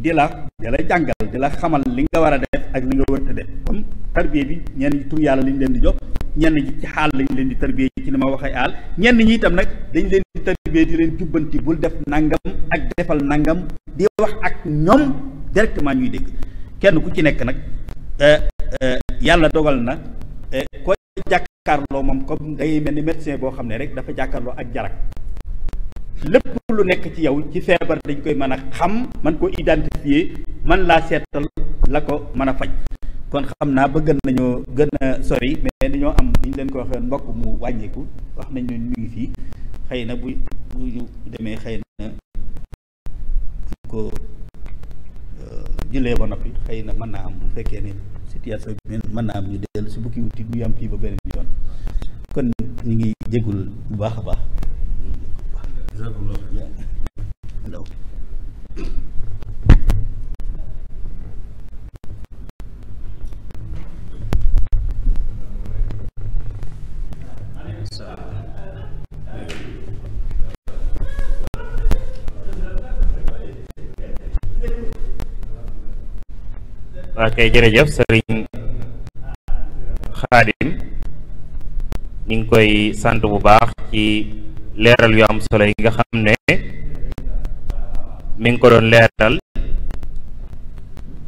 di la di lay jàngal di la xamal li nga war a def ak li nga wërta def comme tarbiya bi ñenn ñi tur yàlla lañ leen di jox ñenn ñi ci xaal lañ leen di tarbiya ci ni ma waxee aal ñenn ñi itam nag dañ leen di tarbiya di leen jubbanti bul def nangam ak defal nangam di wax ak ñoom directement ñuy dégg kenn ku ci nekk nag eh, eh, yàlla dogal na eh, ko jàkkaarloo moom comme day mel ni médecin boo xam ne rek dafa jàkkarloo ak jarak lépp lu nekk ci yow ci feebar dañ koy mën a xam man ko identifier man laa seetal la ko mën a faj kon xam naa ba gën nañoo gën a sori mais dañoo am ni ñu leen ko waxee mbokk mu wàññeeku wax nañ ne ñu ngi fii xëy na bu bu ñu demee xëy na ko euh, jullee ba noppi xëy na mën naa am bu fekkee ne situation bi mën naa am ñu dellu si bukki wuti ñu am fii ba beneen yoon kon ñu ngi jégul bu baax a baax waa kay jërëjëf sëriñ Xaadim ñu ngi koy sant bu baax ci leeral yu am solo yi nga xam ne mi ko doon leeral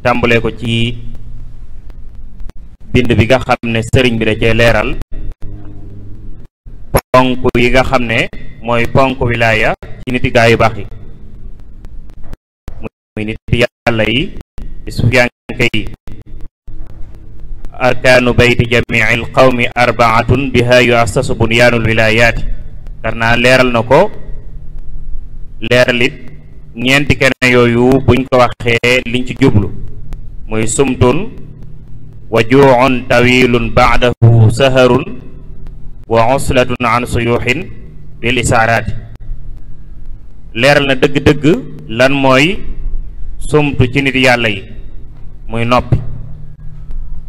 tàmbalee ko ci bind bi nga xam ne sëriñ bi da cee leeral ponk yi nga xam ne mooy ponk wilaaya ci niti gaa yu baax yi muy nit yàlla yi di sufiyanke yi arkaanu bayti jamiil qawmi arbaatun biha yu assasu bunyaanul wilaayaati kar naa leeral na ko leeralit ñeenti kene yooyu buñ ko waxee liñ ci jublu muy sumtun wa juucun tawilun baadahu saharun wa uslatun an suyuxin bil isaaraati leeral na dëgg-dëgg lan mooy sumtu ci nit yàlla yi muy noppi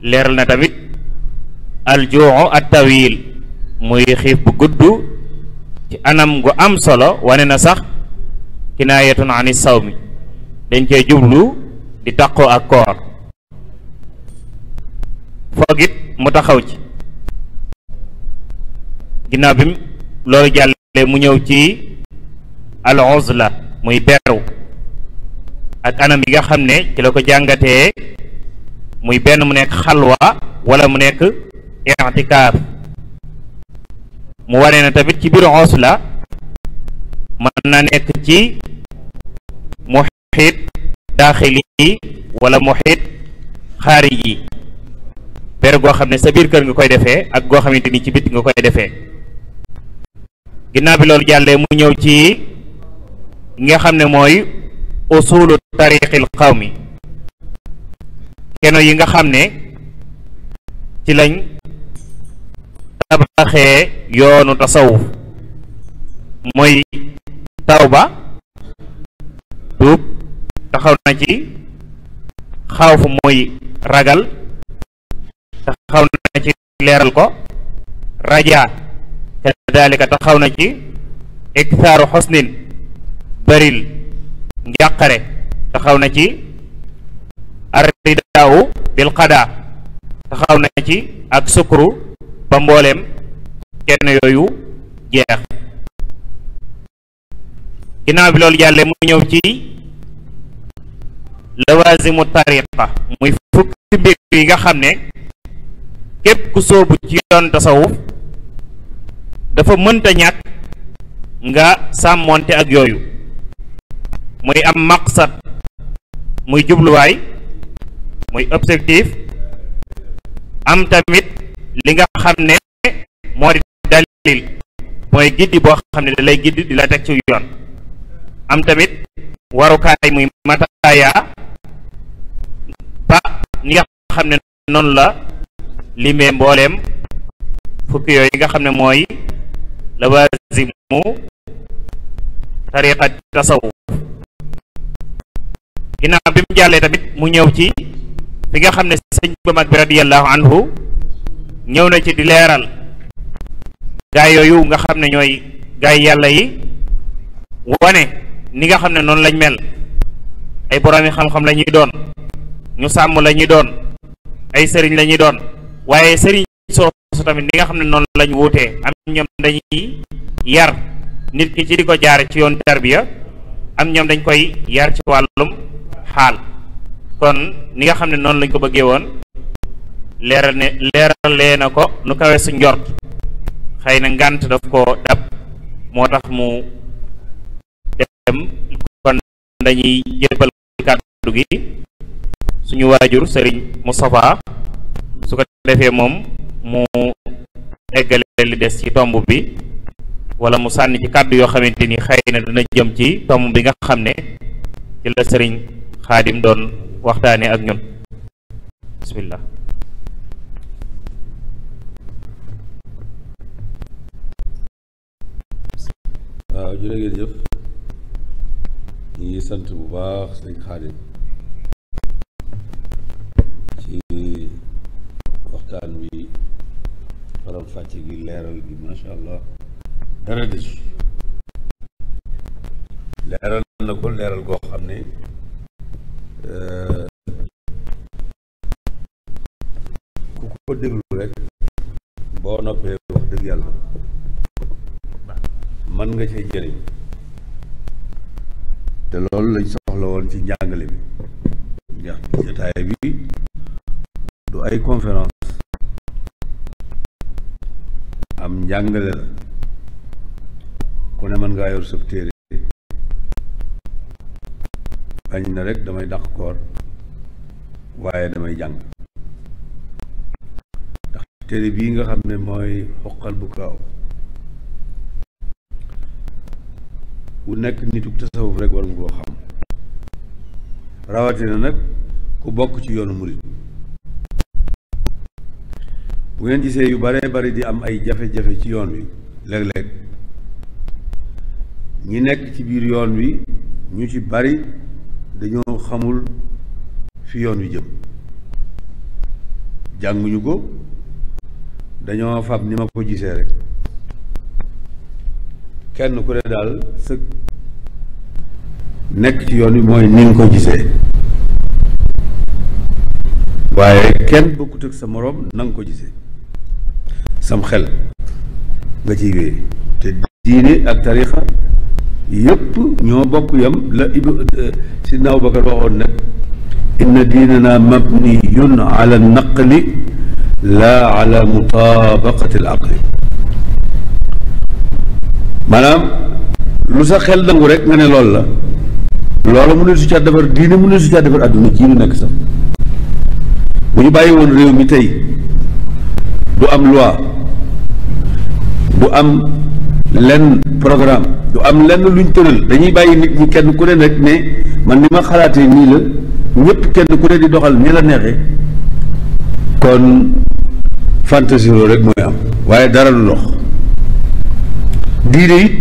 leeral na tamit al juucu at tawil muy xiif bu gudd anam gu am solo wane na sax yetu na ni saw mi dañ koy jublu di taqoo ak koor foogit mu taxaw ci ginaaw bi loolu jàllee mu ñëw ci al uzla muy beru ak anam yi nga xam ne ci la ko jàngatee muy benn mu nekk xalwa wala mu nekk i'tikaaf mu waree na tamit ci biir la mën na nekk ci muxiit daaxili wala muxiit xaariji per goo xam ne sa biir kër nga koy defee ak goo xamante ni ci bit nga koy defee ginnaaw bi loolu jàllee mu ñëw ci nga xam ne mooy usulu tariqil mi keno yi nga xam ne ci lañ tabaxee yoonu tasawuf mooy tawba tuub taxaw na ci xaw fu mooy ragal taxaw na ci leeral ko raja kadalika taxaw na ci iktaaru xosnin baril njàqare taxaw na ci arridaawu bil qada taxaw na ci ak sukru ba mbooleem kenn yooyu jeex ginnaaw bi loolu jàlle mu ñëw ci lawaazimu tariqa muy fukki mbir yi nga xam ne képp ku sóobu ci yoon tasawuf dafa mënta ñàkk nga sàmmoonte ak yooyu muy am maqsad muy jubluwaay muy objectif am tamit li nga xam ne moo di dalil mooy giddi boo xam ne da lay di la teg ci yoon am tamit warukaay muy mataaya ba ñi nga xam ne noonu la limee mbooleem fukki yooyu nga xam ne mooy lawazimu tariqa tasawuf ginnaaw bi mu jàllee tamit mu ñëw ci fi nga xam ne sëñ bu mag bi radiyallahu anhu ñëw na ci di leeral gaa yooyu nga xam ne ñooy gaa yàlla yi wane ni nga xam ne noonu lañ mel ay boroomi xam-xam la doon ñu sàmm la ñuy doon ay sëriñ la ñuy doon waaye sëriñ soosu tamit ni nga xam ne noonu lañ wuutee am ñoom dañuy yar nit ki ci di ko jaar ci yoon tarbiya am ñoom dañ koy yar ci wàllum xaal kon ni nga xam ne noonu lañ ko bëggee woon leeral ne leeral lee na ko nu kawe su njort xëy na ngànt daf ko dab moo tax mu dem kon dañuy jébbal kàddu gi suñu waajur sëriñ Moustapha su ko defee moom mu eggale li des ci tomb bi wala mu sànni ci kàddu yoo xamante ni xëy na dina jëm ci tomb bi nga xam ne ci la sëriñ xaadim doon waxtaane ak ñun bismillah jërë ngeen jëf ñu ngi sant bu baax sëñ Xaadim ci waxtaan bi faram fàcce gi leeral gi macha allah dara des leeral na ko leeral goo xam ne eh, ku ko déglu rek boo noppee wax dëgg yàlla mën nga cee jëriñ te loolu lañ soxla woon ci njàngale bi ndax jotaay bi du ay conference am njàngale la ku ne mën ngaa yor sab téere añ na rek damay dàq koor waaye damay jàng ndax téere bi nga xam ne mooy xoqal bu kaaw ku nekk nitu tasawuf rek war mu koo xam rawatina nag ku bokk ci yoonu murit bu ngeen gisee yu baree bari di am ay jafe-jafe ci yoon wi léeg-léeg ñi nekk ci biir yoon wi ñu ci bari dañoo xamul fi yoon wi jëm jànguñu ko dañoo fab ni ma ko gisee rek kenn ku ne daal sëg nekk ci yoon wi mooy ni ko gisee waaye kenn bokkut ak sa moroom na ko gisee sam xel nga ciy wéy te diine ak tarixa yépp ñoo bokk yam la ibu sidna Abubakar waxoon nag inna diinana mabniyun ala naqli laa ala mutabaqati al maanaam lu sa xel dangu rek nga ne loolu la loolu mënul su caa defar diine mënul su caa defar àdduna ci ñu nekk sax mu ñu bàyyi woon réew mi tey du am loi du am lenn programme du am lenn luñ tëral dañuy bàyyi nit ñi kenn ku ne rek ne man ni ma xalaatee nii la ñëpp kenn ku ne di doxal ni la neexee kon fantaisie loolu rek mooy am waaye dara lu dox diine it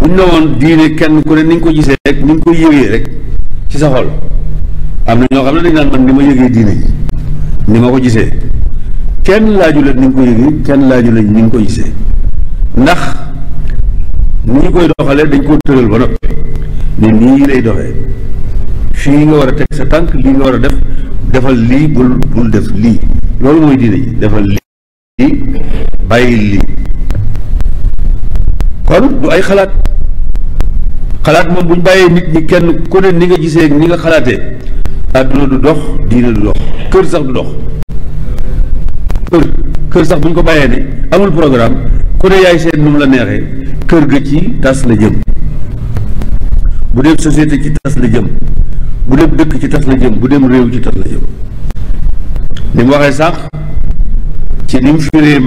buñ ne woon diine kenn ku ne ni nga ko gisee rek ni nga ko yëgee rek ci sa xol am na ñoo xam ne dañ naan man ni ma yëgee diine ji ni ma ko gisee kenn laaju la ni nga ko yëgee kenn laaju la ni nga ko gisee ndax ni ñu koy doxalee dañ koo tëral ba noppi ne nii lay doxee fii nga war a teg sa tànk lii nga war a def defal lii bul bul def lii loolu mooy diine ji defal lii bàyyi lii kon du ay xalaat xalaat moom buñ ñu bàyyee nit ñi kenn ku ni nga gisee ni nga xalaatee àdduna du dox diina du dox kër sax du dox kër kër sax buñ ko bàyyee ne amul programme ku ne yaay seet nu mu la neexee kër ga ci tas la jëm bu dem société ci tas la jëm bu dem dëkk ci tas la jëm bu dem réew ci tas la jëm ni waxee sax ci ni mu firee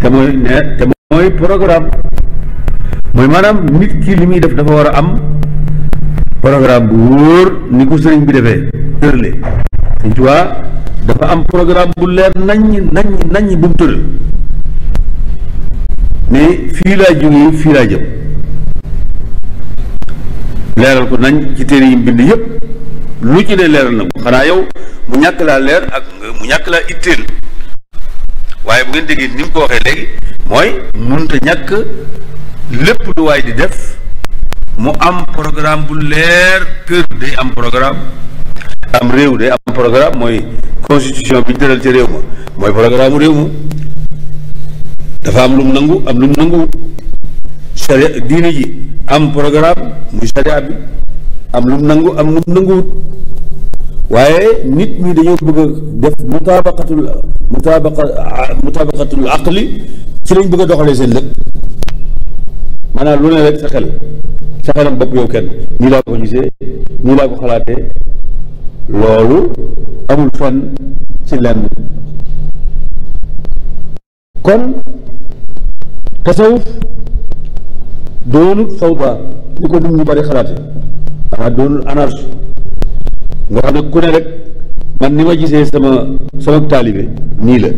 te mooy ne te mooy programme mooy maanaam nit kii li muy def dafa war a am programme bu wóor ni ko sëriñ bi defee tërale sëriñ Tuubaa dafa am programme bu leer naññ naññ naññ bu mu tëral ne fii laa jógee fii laa jëm leeral ko nañ ci téere yi mbind yépp lu ci ne leeral na ko xanaa yow mu ñàkk laa leer ak mu ñàkk laa itteel waaye bu ngeen déggee ni mu ko waxee léegi mooy munta ñàkk lépp lu waay di def mu am programme bu leer kër day am programme am réew day am programme mooy constitution bi ñu ci réew ma mooy programme réew mu dafa am lu mu nangu am lu mu nangu sharia diine ji am programme muy sharia bi am lu mu nangu am lu mu nanguwut waaye nit ñi dañoo bëgg a def mutaabaqatul mutaabaqa mutaabaqatul aqli ci lañ bëgg a doxalee seen lëg maanaam lu ne rek sa xel sa xelam bopp yow kenn nii laa ko gisee nii laa ko xalaatee loolu amul fenn ci lenn kon tasawuf doonut fawda ni ko nit ñu bari xalaate doonul anarchie nga xam ne ku ne rek man ni ma gisee sama sama taalibe nii la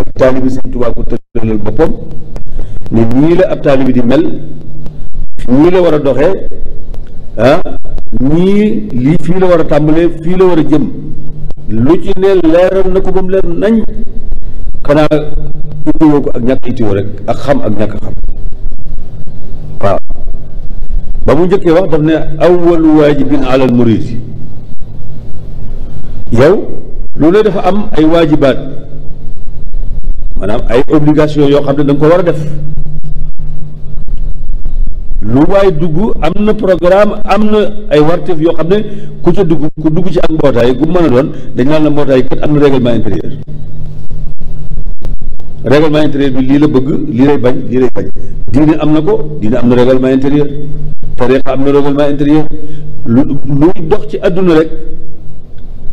ab taalibe sëñ Tuubaa ko tëddalal boppam ne nii la ab taalibe di mel nii la war a doxe ah nii lii fii la war a tàmbalee fii la war a jëm lu ci ne leeral na ko ba mu leer nañ xanaa ittiwoo ko ak ñàkk ittiwoo rek ak xam ak ñàkk xam waaw ba mu njëkkee wax daf ne awwalu waajibin alal murid yow loolu dafa am ay waajibaat maanaam ay obligation yoo xam ne da ko war a def lu waay dugg am na programme am na ay warteef yoo xam ne ku ca dugg ku dugg ci ak mbootaay gu mën a doon dañ naan na mbootaay kat am na règlement intérieur règlement intérieur bi lii la bëgg lii lay bañ lii lay bañ diine am na ko diine am na règlement intérieur tariqa am na règlement intérieur lu luy dox ci àdduna rek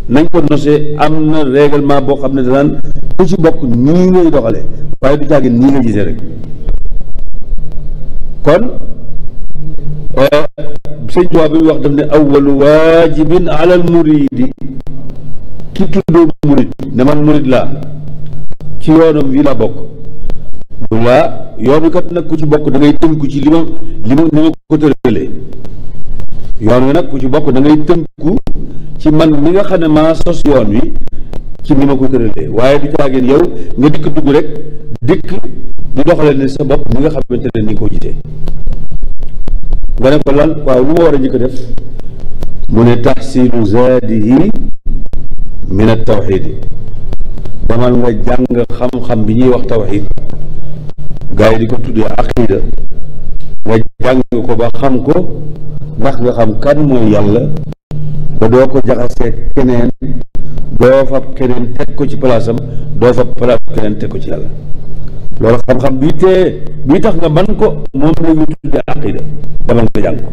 nañ ko nosee am na règlement boo xam ne danaan ku ci bokk nii ngay doxalee waaye du jàggi nii nga gisee rek kon euh, sëñ Tuubaa bi wax daf ne awwalu waajibin alal muridi ki tuddoo murid ne man laa ci yoonam wi la bokk mu la yoonu ka nag ku ci bokk da ngay tënku ci li ma li ma ni ma ko tëralee yoon wi nag ku ci bokk da ngay tënku ci man mi nga xam ne ma sos yoon wi ci ni ma ko tëralee waaye du caageen yow nga dikk dugg rek dikk di doxale ne sa bopp mi nga xamante ne ni nga ko jitee nga ne ko lan waaw lu ma war a njëkk def mu ne taxsilu zaadihi min al tawxiid demal nga jàng xam-xam bi ñuy wax tawxiid gaa yi di ko tuddee aqida nga jàng ko ba xam ko ndax nga xam kan mooy yàlla ba doo ko jaxasee keneen doo fab keneen teg ko ci palaasam doo fab palaas keneen teg ko ci yàlla loolu xam-xam bii tee bii tax nga man ko moom la ñu aqida demal nga jàng ko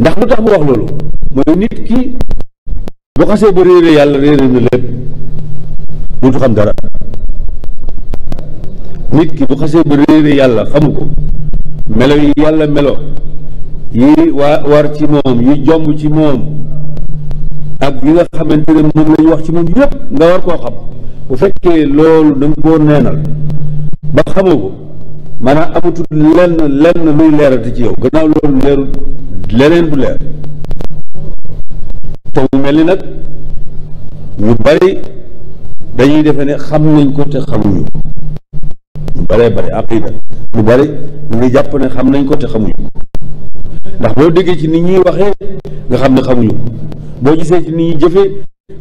ndax lu tax mu wax loolu mooy nit ki bu xasee ba réere yàlla réere na lépp dootu xam dara nit ki bu xasee ba réere yàlla xamu ko melo yi yàlla melo yi waa war ci moom yi jomb ci moom ak yi nga xamante ne moom la ñu wax ci moom yëpp nga war koo xam bu fekkee loolu da nga koo neenal ba xamoo ko maanaam amatul lenn lenn luy leerati ci yow gannaaw loolu leerul leneen du leer te mu mel ni nag ñu bari dañuy defe ne xam nañ ko te xamuñu ñu baree bari aqida ñu bari ñu ngi jàpp ne xam nañ ko te xamuñu ndax boo déggee ci nit ñuy waxee nga xam ne xamuñu boo gisee ci nit ñuy jëfee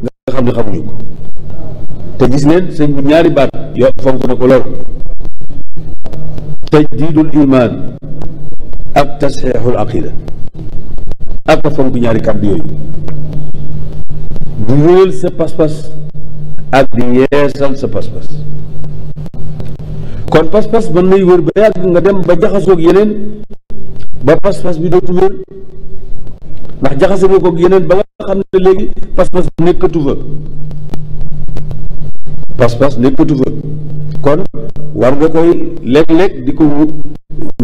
nga xam ne xamuñu ko te gis neen sëñ bu ñaari baat yoo fonk na ko lool tajdiidul imaan ak tasxeexul aqida ak fonk ñaari kàddu yooyu di wéyal sa pas-pas ak di yeesal sa pas-pas kon pas-pas mën nay wér ba yàgg nga dem ba jaxasoog yeneen ba pas-pas bi dootu wér ndax jaxase nga yeneen ba nga xam ne léegi pas-pas nekkatu fa pas-pas nekkatu fa kon war nga koy léeg-léeg di ko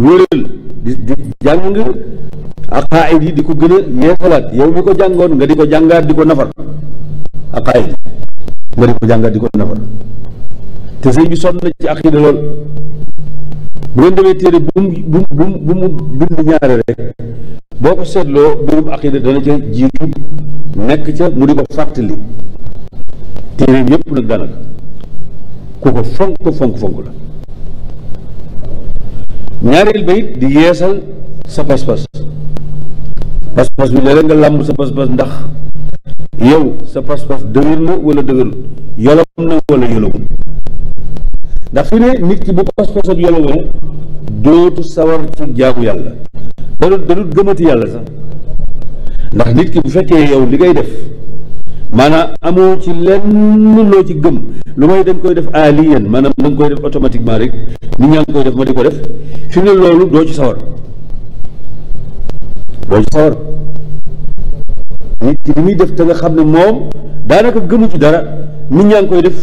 wéral di di jàng aqaayid yi di ko gën a yeesalaat yow mi ko jàngoon nga di ko jàngaat di ko nafar aqaayid nga di ko jàngaat di ko nafar te sëñ bi sonn na ci aqida lool bu ngeen demee téere bu mu bu mu bu bind ñaare boo ko seetloo mbirum aqida dana ca jiitu nekk ca mu di ko fàttali téere yépp nag daanaka ku ko fonk fonk fonk la ñaareel ba it di yeesal sa pas-pas bi léeg-léeg làmb sa pas ndax yow sa pas-pas dëgër na wala dëgërul yolom na wala yolomul ndax fi ne nit ki bu pas-pasam yolomee dootu sawar ci jaamu yàlla da dut gëmati yàlla sax ndax nit ki bu fekkee yow li ngay def maanaam amoo ci lenn loo ci gëm lu may dañ koy def aliyan maanaam da nga koy def automatiquement rek nit ñaa ngi koy def ma di ko def loolu doo ci sawar doo ci sawar muy def te nga xam ne moom daanaka gëmu ci dara nit ñaa ngi koy def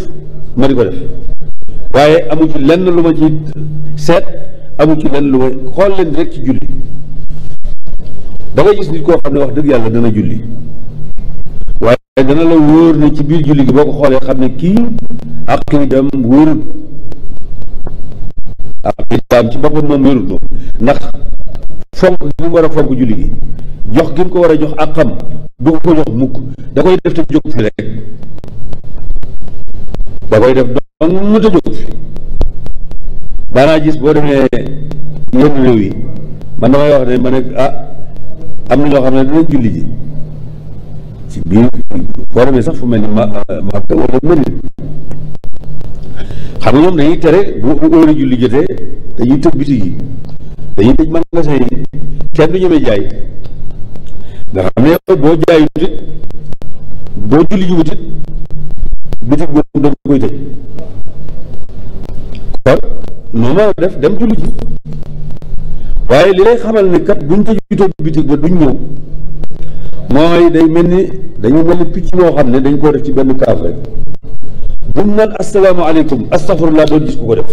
ma di waaye amu ci lenn lu ma ci seet amu ci lenn lu ma xool leen rek ci julli da nga gis nit koo xam ne wax dëgg yàlla dana julli dana la wóor ni ci biir julli gi boo ko xoolee xam ne kii aqiidam wérut aqiidaam ci boppam moom wérut moom ndax fonk gi mu war a fonk julli gi jox gi ko war a jox àqam du ko jox mukk da koy def te jóg fi rek da koy def dong te jóg fi daanaa gis boo demee yenn réew yi man damay wax ne ma ne ah am na ñoo xam ne dinañ julli ji ci biir war na sax fu mel ni ma Màkka wala Madina xam nga ñoom dañuy tere bu óori julli jotee dañuy tëj bitig yi dañuy tëj magasin yi kenn du ñemee jaay nga xam ne boo jaayut it boo julli jiwut it bitig boobu dañ koy tëj kon noonu ma def dem julli ji waaye li lay xamal ni kat buñ tëj bitoo bitig ba duñ ñëw mooy day mel ni dañu mel ni picc moo xam ne dañ koo def ci benn kaaf rek mu naan asalaamaaleykum astafurlah doon gis ku ko def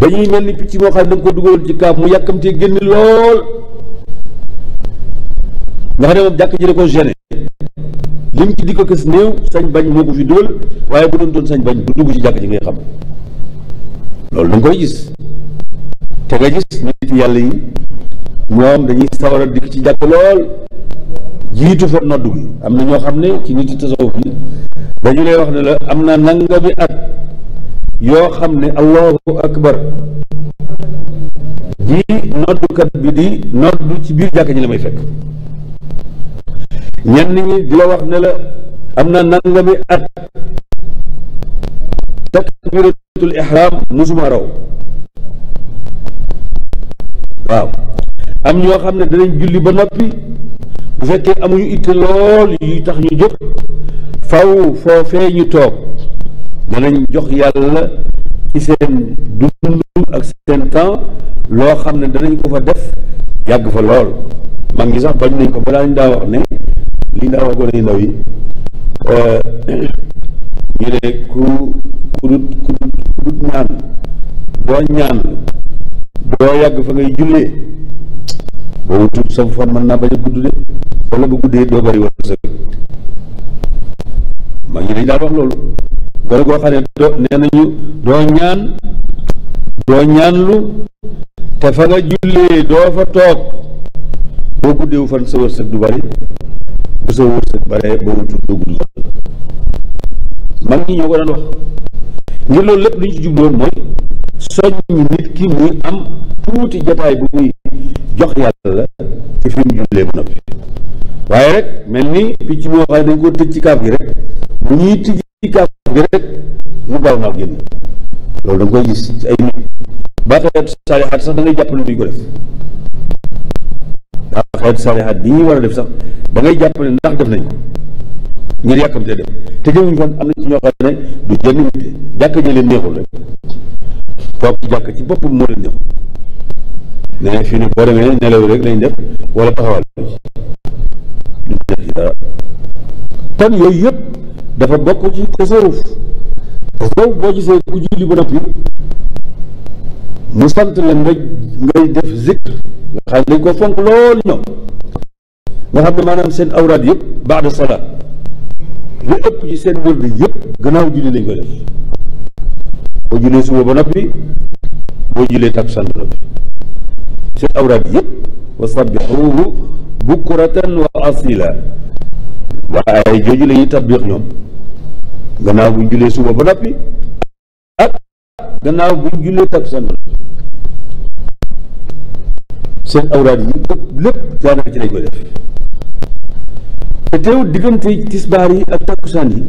dañuy mel ni picc moo xam ne dañ ko dugaloon ci kaaf mu yàkkamtee génn lool nga xam ne moom ko gêné di ko kës néew sañ bañ moo ko fi dugal waaye bu doon doon sañ bañ du dugg ci jàkk ji ngay xam loolu da koy gis te nga gis nitu yàlla yi ñoom dañuy sawar a dikk ci jàkk lool jiitu fa noddu gi am na ñoo xam ne ci nit yi tasawuf yi dañu lay wax ne la am na nangami at yoo xam ne allahu akbar ji noddukat bi di noddu ci biir jàkk ñi la may fekk ñenn ñi di la wax ne la am na nangami at takbiratul ihram musuma raw waaw am ñoo xam ne danañ julli ba noppi bu fekkee amuñu itte lool yuy tax ñu jóg faw foofee ñu toog danañ jox yàlla ci seen dund ak seen temps loo xam ne danañ ko fa def yàgg fa lool mag ñi sax bañ nañ ko balaa ñu daa wax ne li daa wax gone ndaw yi euh, ñu ne ku ku dut ku dut ñaan boo ñaan doo yàgg fa ngay jullee boo wutul sa fan mën naa ba a gudd de wala bu guddee doo bari wala sa mag ñi dañ daal wax loolu gone goo xam ne doo nee doo ñaan doo ñaanlu te fa nga jullee doo fa toog boo guddeewu fan sa wërsëg du bari bu sa wërsëg bare boo wutul doo gudd fan mag ñi ñoo ko daan wax ngir loolu lépp lu ñu jubloon mooy soññ nit ki muy am tuuti jataay bu muy jox yàlla ci fi mu jullee ba noppi waaye rek mel ni picc moo xam ne dañ ko tëj ci kaaf gi rek bu ñuy tëj ci kaaf gi rek mu gaaw naaw génn loolu da nga koy gis ay nit ba xeetu saalixaat sax da ngay jàpp ne duñ ko def ba xeetu saalixaat bi ñuy war a def sax da ngay jàpp ne ndax def nañ ngir yàkkamte dem te jëmuñu woon am na ci ñoo xam ne du jënd nit jàkk ji leen neexul rek kooku jàkk ci bopp moo leen neexul ne fii ne boo demee nelaw rek lañ def wala taxawal duñ def ci dara kon yooyu yëpp dafa bokk ci tasawuf boo gisee ku julli ba noppi mu sant la nga ngay def zikr nga xam ne dañ ko fonk lool ñoom nga xam ne maanaam seen awraad yëpp baax de salaat li ëpp seen wër bi yëpp gannaaw julli lañ koy def boo jullee suba ba noppi boo jullee takkusaan ba noppi seen awraat yëpp wa sabbixuuhu bukratan wa asila waaye ay jooju la ñoom gannaaw buñ jullee suba ba noppi ak gannaaw buñ jullee takkusaan lépp daanaka ci lañ koy def te teew diggante tisbaar yi ak takkusaan yi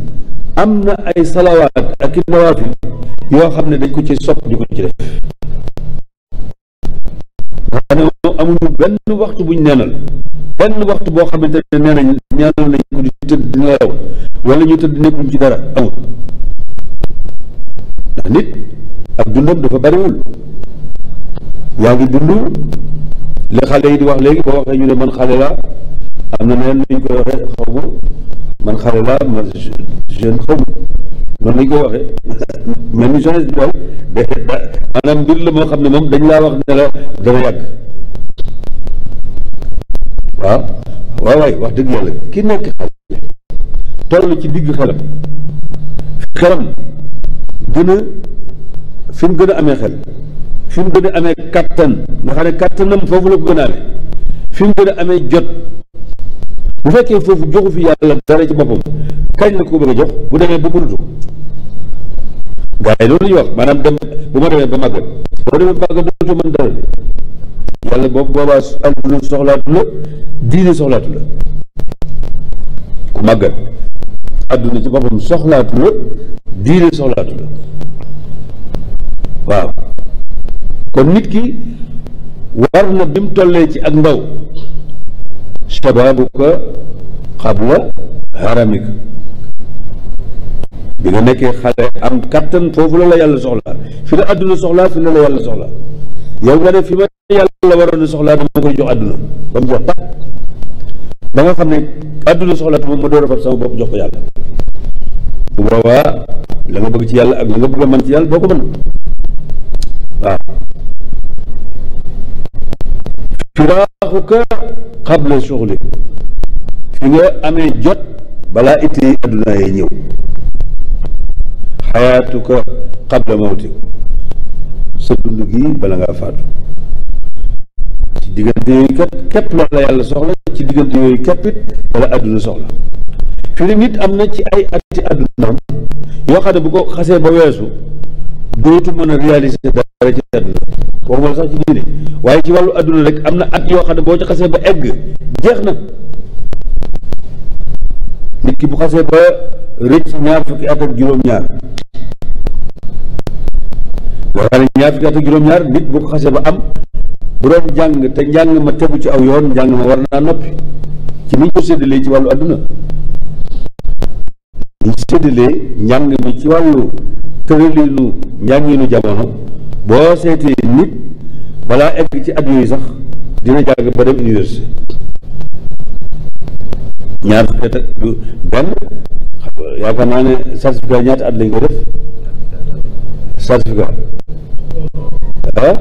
am na ay salawaat ak i nawaafil yoo xam ne dañ ko ci sopp di ko ci def xanaa amuñu waxtu boo xamante nañ ñaanal nañ ko wala ñu tëdd nekkuñ ci dara amul ndax nit ak dundam dafa bariwul yaa ngi dund li xale yi di wax léegi boo waxee ñu ne man xale laa am na neen luñ koy waxee xaw man xale laa man jeune xaw ma noonu lañ koy waxee mel ni jeunesse bi daal maanaam mbir la moo xam ne moom dañ laa wax ne la dana yàgg waaw waaw wax dëgg yàlla ki nekk xale toll ci digg xelam xelam gën a fi mu gën a amee xel fi mu gën a amee kattan na xam ne kattanam foofu la ko gën a amee fi gën a amee jot bu fekkee foofu joxu fi yàlla dara ci boppam kañ la ko bëgg a jox bu demee ba mënatu gars yi loolu la wax maanaam dem bu ma demee ba màggat boo demee ba màggat dootu mën dara de yàlla boobu boobaa àdduna soxlaatu la diine ku màggat àdduna ci boppam soxlaatu la diine waaw kon nit ki war na bi mu tollee ci ak ndaw shababuka qabla haramika bi nga nekkee xale am kattan foofu la la yàlla soxla fi la àdduna soxla fi la la yàlla soxla yow nga ne fi ma yàlla waroon a soxlaa dama koy jox àdduna ba mu jox ba nga xam ne àdduna soxla moom ma door a fab sama bopp jox ko yàlla bu boobaa la nga bëgg ci yàlla ak la nga bëgg a mën ci yàlla boo ko mën waaw firaaxuka xable suxli fi nga amee jot balaa itte yi adduna yi ñëw xayaatuka xable mawtik sa dund gi bala nga faatu ci diggante yooyu kat képp loola yàlla soxla ci diggante yooyu képp it bala adduna soxla fi nim am na ci ay atti addunaam yoo xam bu ko xasee ba weesu dootu mën a réaliser dara ci àdduna waxuma sax ci diine waaye ci wàllu àdduna rek am na at yoo xam ne boo ci xasee ba egg jeex na nit ki bu xasee ba rëcc ñaar fukki at ak juróom-ñaar waxaane ñaar fukki at ak nit bu ko xasee ba am bu doon jàng te njàng ma tegu ci aw yoon njàng ma war naa noppi ci ni ñu ko séddalee ci wàllu àdduna di séddalee njàng mi ci wàllu tëralinu njànginu jamono boo seetee nit balaa egg ci at yooyu sax dina jàng ba dem université ñaar fukki at naa ne certificat ñaata at lañ ko def certificat ah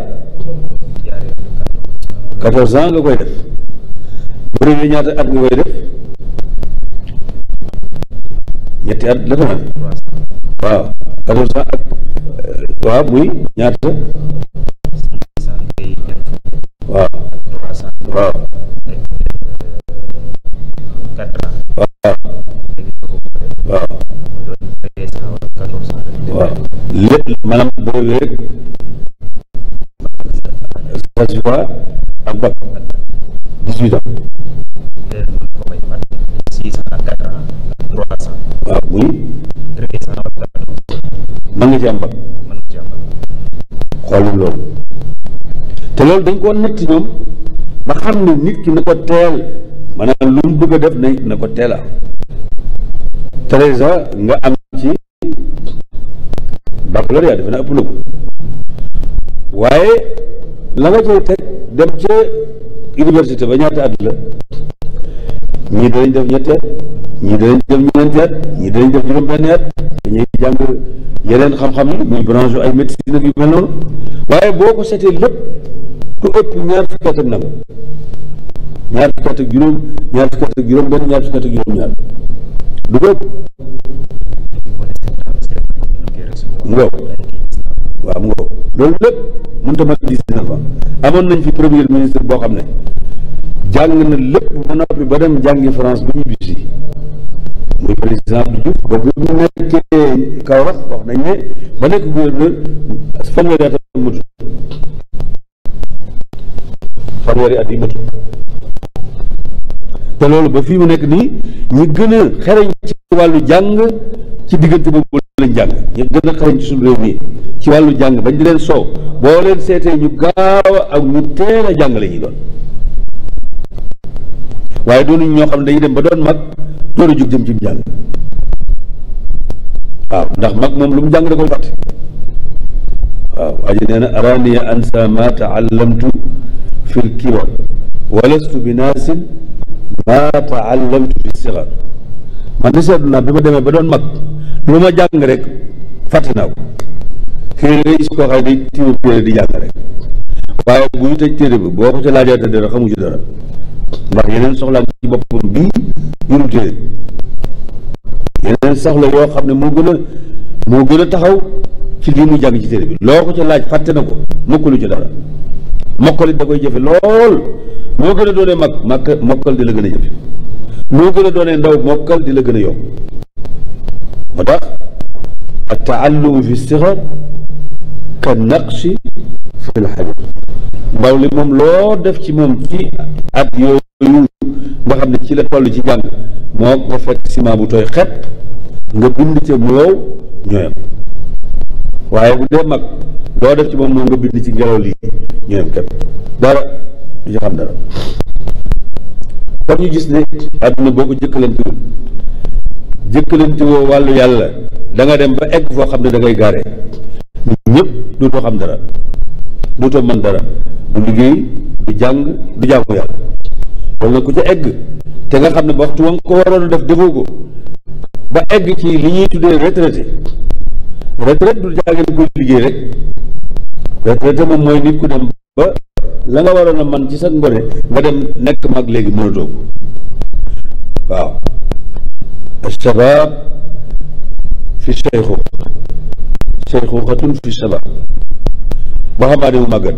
quatorze nga koy def brevet ñaata at nga koy def ñetti at la defe waaw quatorze ans ak waaw muy ñaata waaw waaw waaw waaw lépp maanaam boo wéeg stage ak bac dix-huit ans nga ci am loolu te loolu dañ koo natt ñoom ba xam ne nit ki na ko teel maanaam lu mu bëgg a def na ko teel a nga am ci baccalauréat defe na ëpp na ko waaye la nga cay teg dem ca université ba ñaata at ñii danañ def ñetti at ñii danañ def ñeenti at ñii danañ def juróom-benni at dañuy jàng yeneen xam-xam yi muy branche ay médecine ak yu mel noonu waaye boo ko setee lépp du ëpp ñaar fukki at ak nag ñaar fukki at ak juróom ñaar fukki at juróom ñaar du ko mu ngoog waaw mu ngoog loolu lépp mënta mat dix neuf ans amoon nañ fi premier ministre boo xam ne jàng na lépp ba noppi ba dem jàngi France ba ñu bisi muy président Abdou Diouf ba bu ñu ne ba nekk gouverneur fanweeri at fanweeri at yi te loolu ba fii mu nekk nii ñu gën a xereñ ci wàllu jàng ci diggante boobu lañ jàng ñu gën ci suñu réew ci wàllu jàng bañ di leen soow boo leen seetee ñu gaaw ak ñu teel a jàng la ñuy doon waaye doonuñ ñoo xam ne dañuy dem ba doon mag door a jug jëm ci jàng waaw ndax mag moom lu mu jàng da koy waaw aji nee na araniya ansa ma taallamtu fi lkibar walastu bi naasin ma taallamtu fi sigar man di seetlu naa bi ma demee ba doon mag lu ma jàng rek fàtte naa ko fii nga gis koo xam ne di tiimu téere di jàng rek waaye bu ñu tëj téere bi boo ko ci laajoon dara xamu dara ndax yeneen soxlaam ci boppam bii yurub téere yeneen soxla yoo xam ne moo gën a moo gën a taxaw ci lii mu jàng ci téere bi loo ko ci laaj fàtte na ko mokkalu ci dara mokkali da koy jëfe lool moo gën a doonee mag mag mokkal di la gën a jëfe moo gën a doonee ndaw mokkal di la gën a yomb moo tax ak taallumu fi sixar ka naqshi fil xajab mbaw li moom loo def ci moom ci at yooyu nga xam ne ci la toll ci jàng moo ko fekk ciment bu tooy xet nga bind ca mu wow ñooyam waaye bu dee mag loo def ci moom moom nga bind ci ngelaw lii ñooyam kat dara ñu xam dara kon ñu gis ne àdduna boo ko jëkkalantewul jëkkalantewoo wàllu yàlla danga dem ba egg foo xam ne dangay ngay gaare ñëpp dootoo xam dara dootoo mën dara du liggéey du jàng du jaamu yàlla wala ku ca egg te nga xam ne ba waxtu wa nga ko waroon def defoo ko ba egg ci li ñuy tuddee retraité retraite du jaageen ko liggéey rek retraité moom mooy nit ku dem ba la nga waroon a man ci sa ngore nga dem nekk mag léegi mënatoo ko waaw ashabaab fi cheikhu sayxuuxatun fi sabab waxambaane mu màggat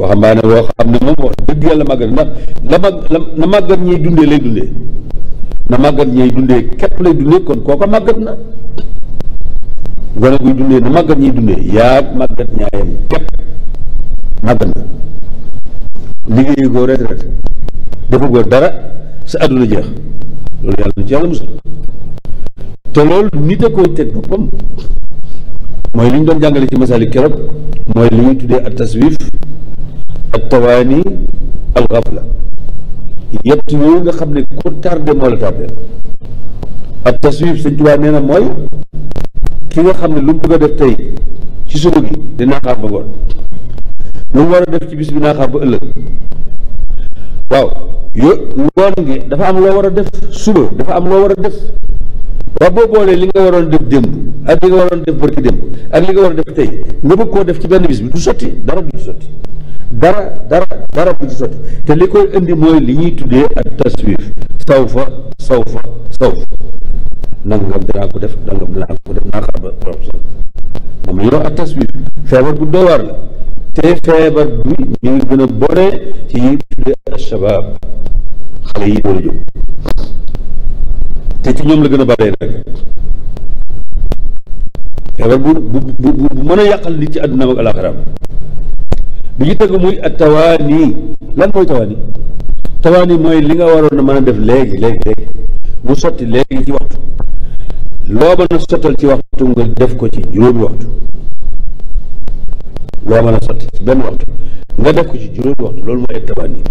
waxambaane woo xam ne moom wax dëgg yàlla màggat ndax na màggat ñiy dundee lay dundee na màggat ñiy dundee képp lay dundee kon kooka màggat na gone guy dundee na màggat ñiy dundee yaag màggat ñaayam képp màggat nga liggéeyu goo retraite dafa goo dara sa àdduna jeex loolu yàlla na ci yàlla musal te loolu nit a koy teg boppam mooy li ñu doon jàngale ci masalik keroog mooy li ñuy tuddee ak taswif ak tawaani al xafla yett yooyu nga xam ne ku tardé moo la tardé ak taswif sëñ Tuubaa nee na mooy ki nga xam ne lu bëgg a def tey ci suba gi dinaa xaar ba ngoon lu mu war a def ci bis bi naa xaar ba ëllëg waaw yo ngoon gi dafa am loo war a def suba dafa am loo war a def waaw boo boolee li nga waroon def démb ak li nga waroon def barki démb ak li nga war a def tey nga bëgg koo def ci benn bis bi du sotti dara du sotti dara dara dara du sotti te li koy indi mooy li ñuy tuddee ak taswir saw fa saw fa saw fa nangam dinaa ko def nangam dinaa ko def naa xar ba moom la ñu wax ak taswir feebar bu doy waar la te feebar bi ñu ngi gën a bone ci ñuy tuddee alshabab xale yi war jóg te ci ñoom la gën a bëree nag feebar bu bu bu bu mën a yàqal nit ci àdduna ak alaxiraam bi ñu tegu muy tawaani lan mooy tawaani tawaani mooy li nga waroon a mën a def léegi léegi léegi mu sotti léegi ci waxtu loo mën a sottal ci waxtu nga def ko ci juróomi waxtu loo mën a sotti ci benn waxtu nga def ko ci juróomi waxtu loolu mooy tabaan yi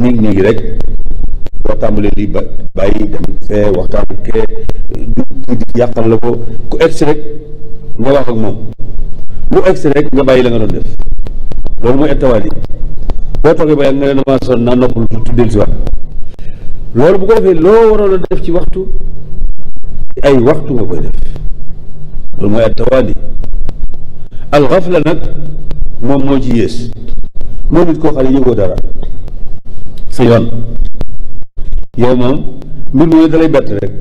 nit ñi rek boo tàmbalee lii ba bàyyi dem fee waxtaan kee guddi yàqal la ko ku egsi rek nga wax ak moom lu egsi rek nga bàyyi la nga doon def loolu mooy tabaan yi boo toogee ba yàgg nga ne damaa sonn naa noppal tuuti del si wax loolu bu ko defee loo waroon a def ci waxtu ay waxtu nga koy def loolu mooy at tawaali alxafla nag moom moo ci yées moo nit koo xam ne yëgoo dara sa yoon yow moom mbir mu ne dalay bett rek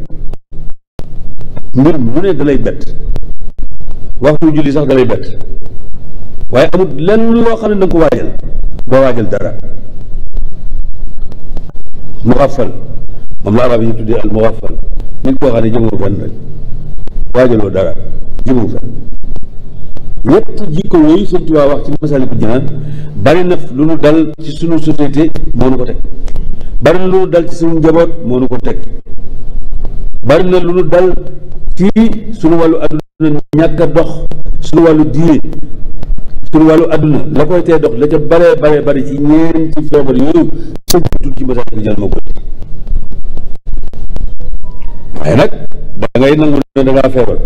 mbir mu ne dalay bett waxtu julli sax dalay bett waaye amul lenn loo xam ne danga ko waajal doo waajal dara mu xafal moom la arab yi tudde al mu xafal nit koo xam ne jëmoo fenn rek waajaloo dara jëmoo fenn ñett jikko yooyu sëñ Tuubaa wax ci Masaalikul Jinaan bari na lu nu dal ci sunu société moo nu ko teg bari na lu nu dal ci sunu njaboot moo ko teg bari na lu nu sunu wàllu àdduna ñàkk a dox sunu wàllu diine sunu wàllu àdduna la koy tee dox la ca bare bare bari ci ñeen ci feebar yooyu sëñ tudd ci Masaalikul Jinaan moo ko teg waaye nag da ngay nangu ne dangaa feebar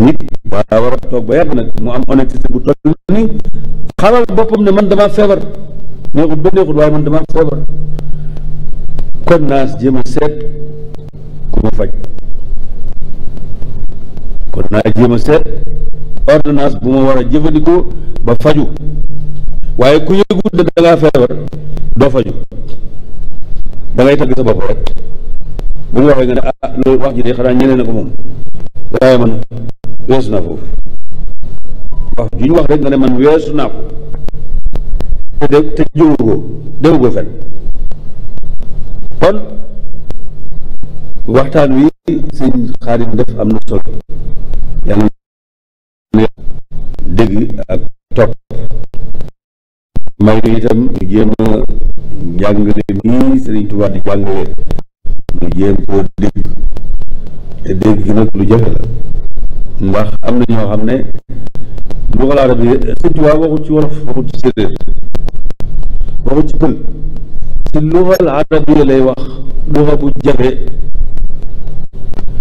nit waa war a toog ba yàgg nag mu am honnêteté bu toll ni xamal boppam ne man damaa feebar neexut ba neexut waaye man damaa feebar kon naa jéem a seet ku ma faj kon naa seet ordonnance bu ma war a jëfandikoo ba faju waaye ku yëgut ne da feebar doo faju da tagg sa bopp rek bu ñu waxee nga ne ah loolu wax ji de xanaa ñeneen na ko moom waaye man weesu na foofu wax ju ñu wax rek nga ne man weesu naa ko te de te jëwugoo demugoo fen kon waxtaan wi sëñ Xaadim def am na solo yàlla na dégg ak topp may nii Sëriñ Tuubaa di jàngale ñu koo dégg te dégg nag lu jafe la ndax am na ñoo xam ne luxal arab yi sëñ Tuubaa ci wolof waxu ci séeréer waxu ci pël ci luxal arab lay wax luxa bu jafe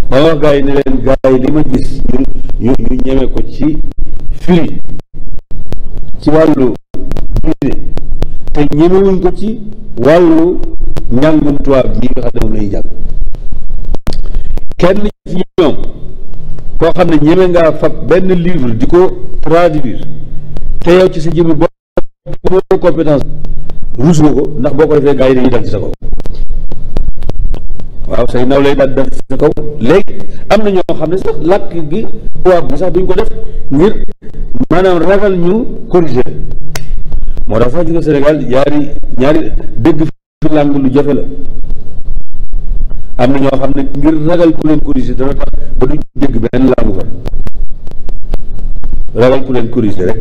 ba wax gaa yi ne leen gaa yi li ma gis ñu ñeme ko ci firi ci wàllu diine te ñemewuñ ko ci wàllu njàngum tubaab bi nga lay jàng kenn ci ñoom koo xam ne ñeme ngaa fab benn livre di ko traduire te yow ci si jëmm boo compétence ruus nga ko ndax boo ko defee gars yi dal ci sa kaw waaw say naw lay daal dal ci sa kaw léegi am na ñoo xam ne sax làkk gi tubaab bi sax duñ ko def ngir maanaam ragal ñu corriger moo tax sax ci Sénégal ñaari ñaari dégg fi lu jafe la am na ñoo xam ne ngir ragal ku leen corrigé dana tax ba duñ dégg benn langue ba ragal ku leen corrigé rek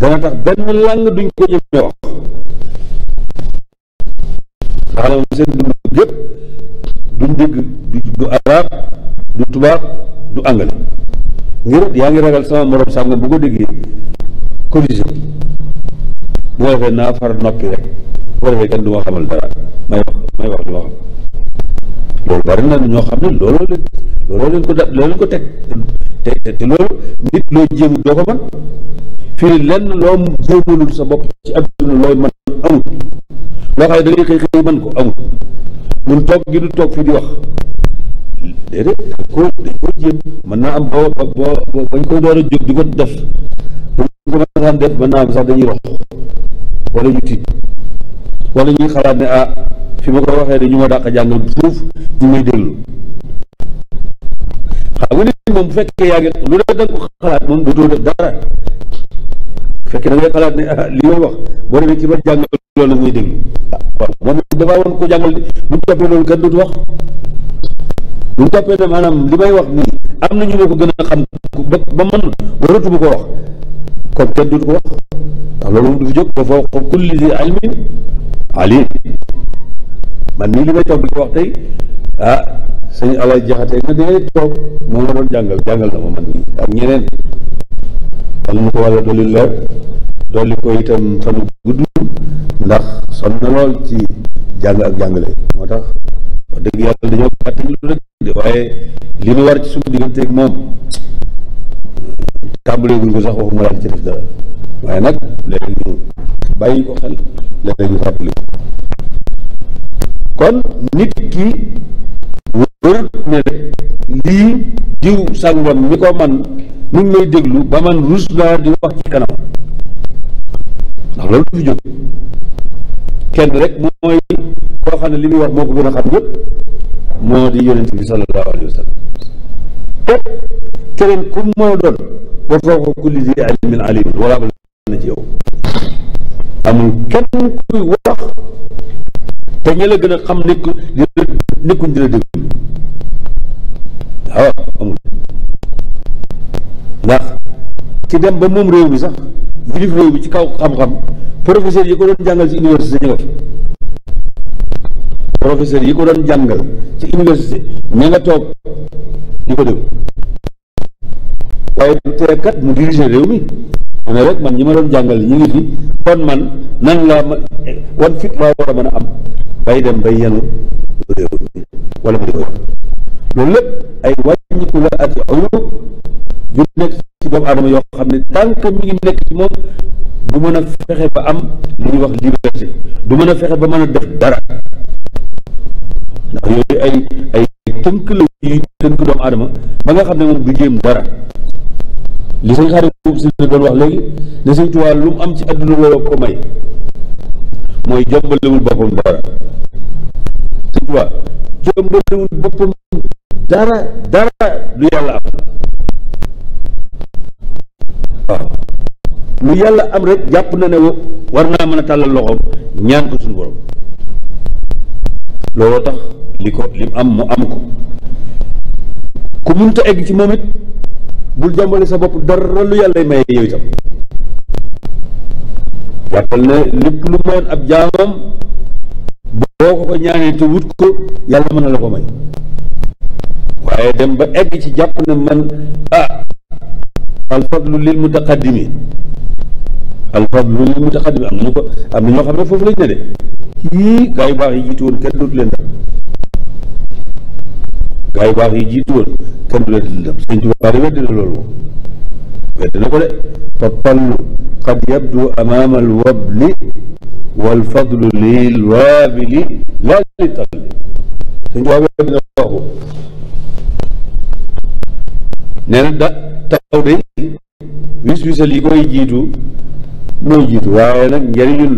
dana tax benn langue duñ ko ñemee wax ndax la moom seen tubaab du anglais yaa ngi ragal sama morom bu ko déggee corrigé bu ko defee naa far noppi rek bu defee kenn du xamal dara may wax may wax loo xam loolu bari na ñoo xam ne looloo leen looloo leen ko da looloo ko teg te te loolu nit loo jéemu doo ko mën fii lenn loo jéemalul sa bopp ci àdduna looy mën amut loo ko amut mun toog gi du di wax ko dañ mën naa am boo boo bañ ko door a jóg di ko def bu ko a naa am sax dañuy rox wala ñu tiit wala ñuy xalaat ne ah fi ma ko waxee de ñu ma daq jàngal foofu ñu may déglu xam nga nit moom bu fekkee yaa ngi lu ne da ko xalaat moom dootoo def dara bu fekkee da ngay xalaat ne ah li may wax boo demee ci ba jàngal loolu la muy déglu ah, waaw ko jàngal bu ñu toppee loolu kenn dootu wax ñu toppee maanaam li may wax nii am na ñu ma gën a xam ba ba man ko wax kon kenn dootu ko wax ndax loolu moom du fi jóg ba foo kulli zi ilmin Ali man nii li may toog di ko wax tey ah sëñ Awa Jaxate nga dee toog moo ma doon jàngal jàngal na moom man nii ak ñeneen wala na ko wàlla dolli leer dolli ko itam fanu gudd ndax sonn na lool ci jàng ak jàngale moo tax dëgg yàlla dañoo gàtt lu rek de waaye li nu war ci suñu digganteeg moom tàmbalee guñ ko sax waxuma laa di ci waaye nag léegi ñu bàyyi ko xel léegi ñu fàttali kon nit ki wër ne rek lii diw sàngam mi ko man mu ngi may déglu ba man rus naa di wax ci kanam ndax loolu du fi jóg kenn rek mooy koo xam ne li muy wax moo ko gën a xam ñëpp moo di yonent bi sallallahu alayhi wa sallam képp keneen ku mën a doon ba foofu kulli di alimin alim wala ba na ci yow amul kenn kuy wax te ña gën a xam nekku nekkuñ di la déglu waaw ah, amul ndax ci dem ba moom réew mi sax yilif réew mi ci kaw xam-xam professeur yi ko doon jàngal ci université ñu professeur yi ko doon jàngal ci université ña nga toog di ko déglu waaye teekat mu dirigé réew mi ma rek man ñi ma doon jàngal ñi ngi fi kon man nan la ma wan fit laa war a mën a am bay dem bay yenu réew mi wala mu di ko loolu lépp ay wàññiku la ak uyub yu nekk ci doomu aadama yoo xam ne tànk mi ngi nekk ci moom fexe ba am li ñuy wax du mën a fexe ba mën a def dara ay ay tënk la yuy tënk doomu aadama ba nga xam ne moom du jéem dara li sëñ xaari boobu si ne doon wax léegi ne sëñ Tuubaa lu mu am ci àdduna loolu ko may mooy jombalewul boppam dara sëñ Tuubaa jombalewul boppam dara dara lu yàlla am waaw lu yàlla am rek jàpp na ne war naa mën a tàllal loxoom ñaan ko suñu borom looloo tax li ko li am mu am ko ku munta egg ci moom it bul jàmbale sa bopp dara lu yàlla maye yow itam jàppal ne lépp lu mën ab jaamam boo ko ko ñaanee ko yàlla mën na la ko may waaye dem ba egg ci jàpp ne man ah alfadlu lil mutaqaddimi alfadlu lil mutaqaddimi am nañu ko am na ñoo xam ne foofu lañ ne de yii gaa yu baax yi jiitu woon kenn dootu leen dab gaa baax yi jiitu woon kenn du leen dab sëñ Tuubaa weddi na loolu moom weddi na ko de fa pallu qad yabdu amaama al wabli wal fadlu lil waabili laa li talli sëñ Tuubaa weddi na waxu nee na da taw de wis wisal yi jiitu mooy jiitu waaye nag njariñul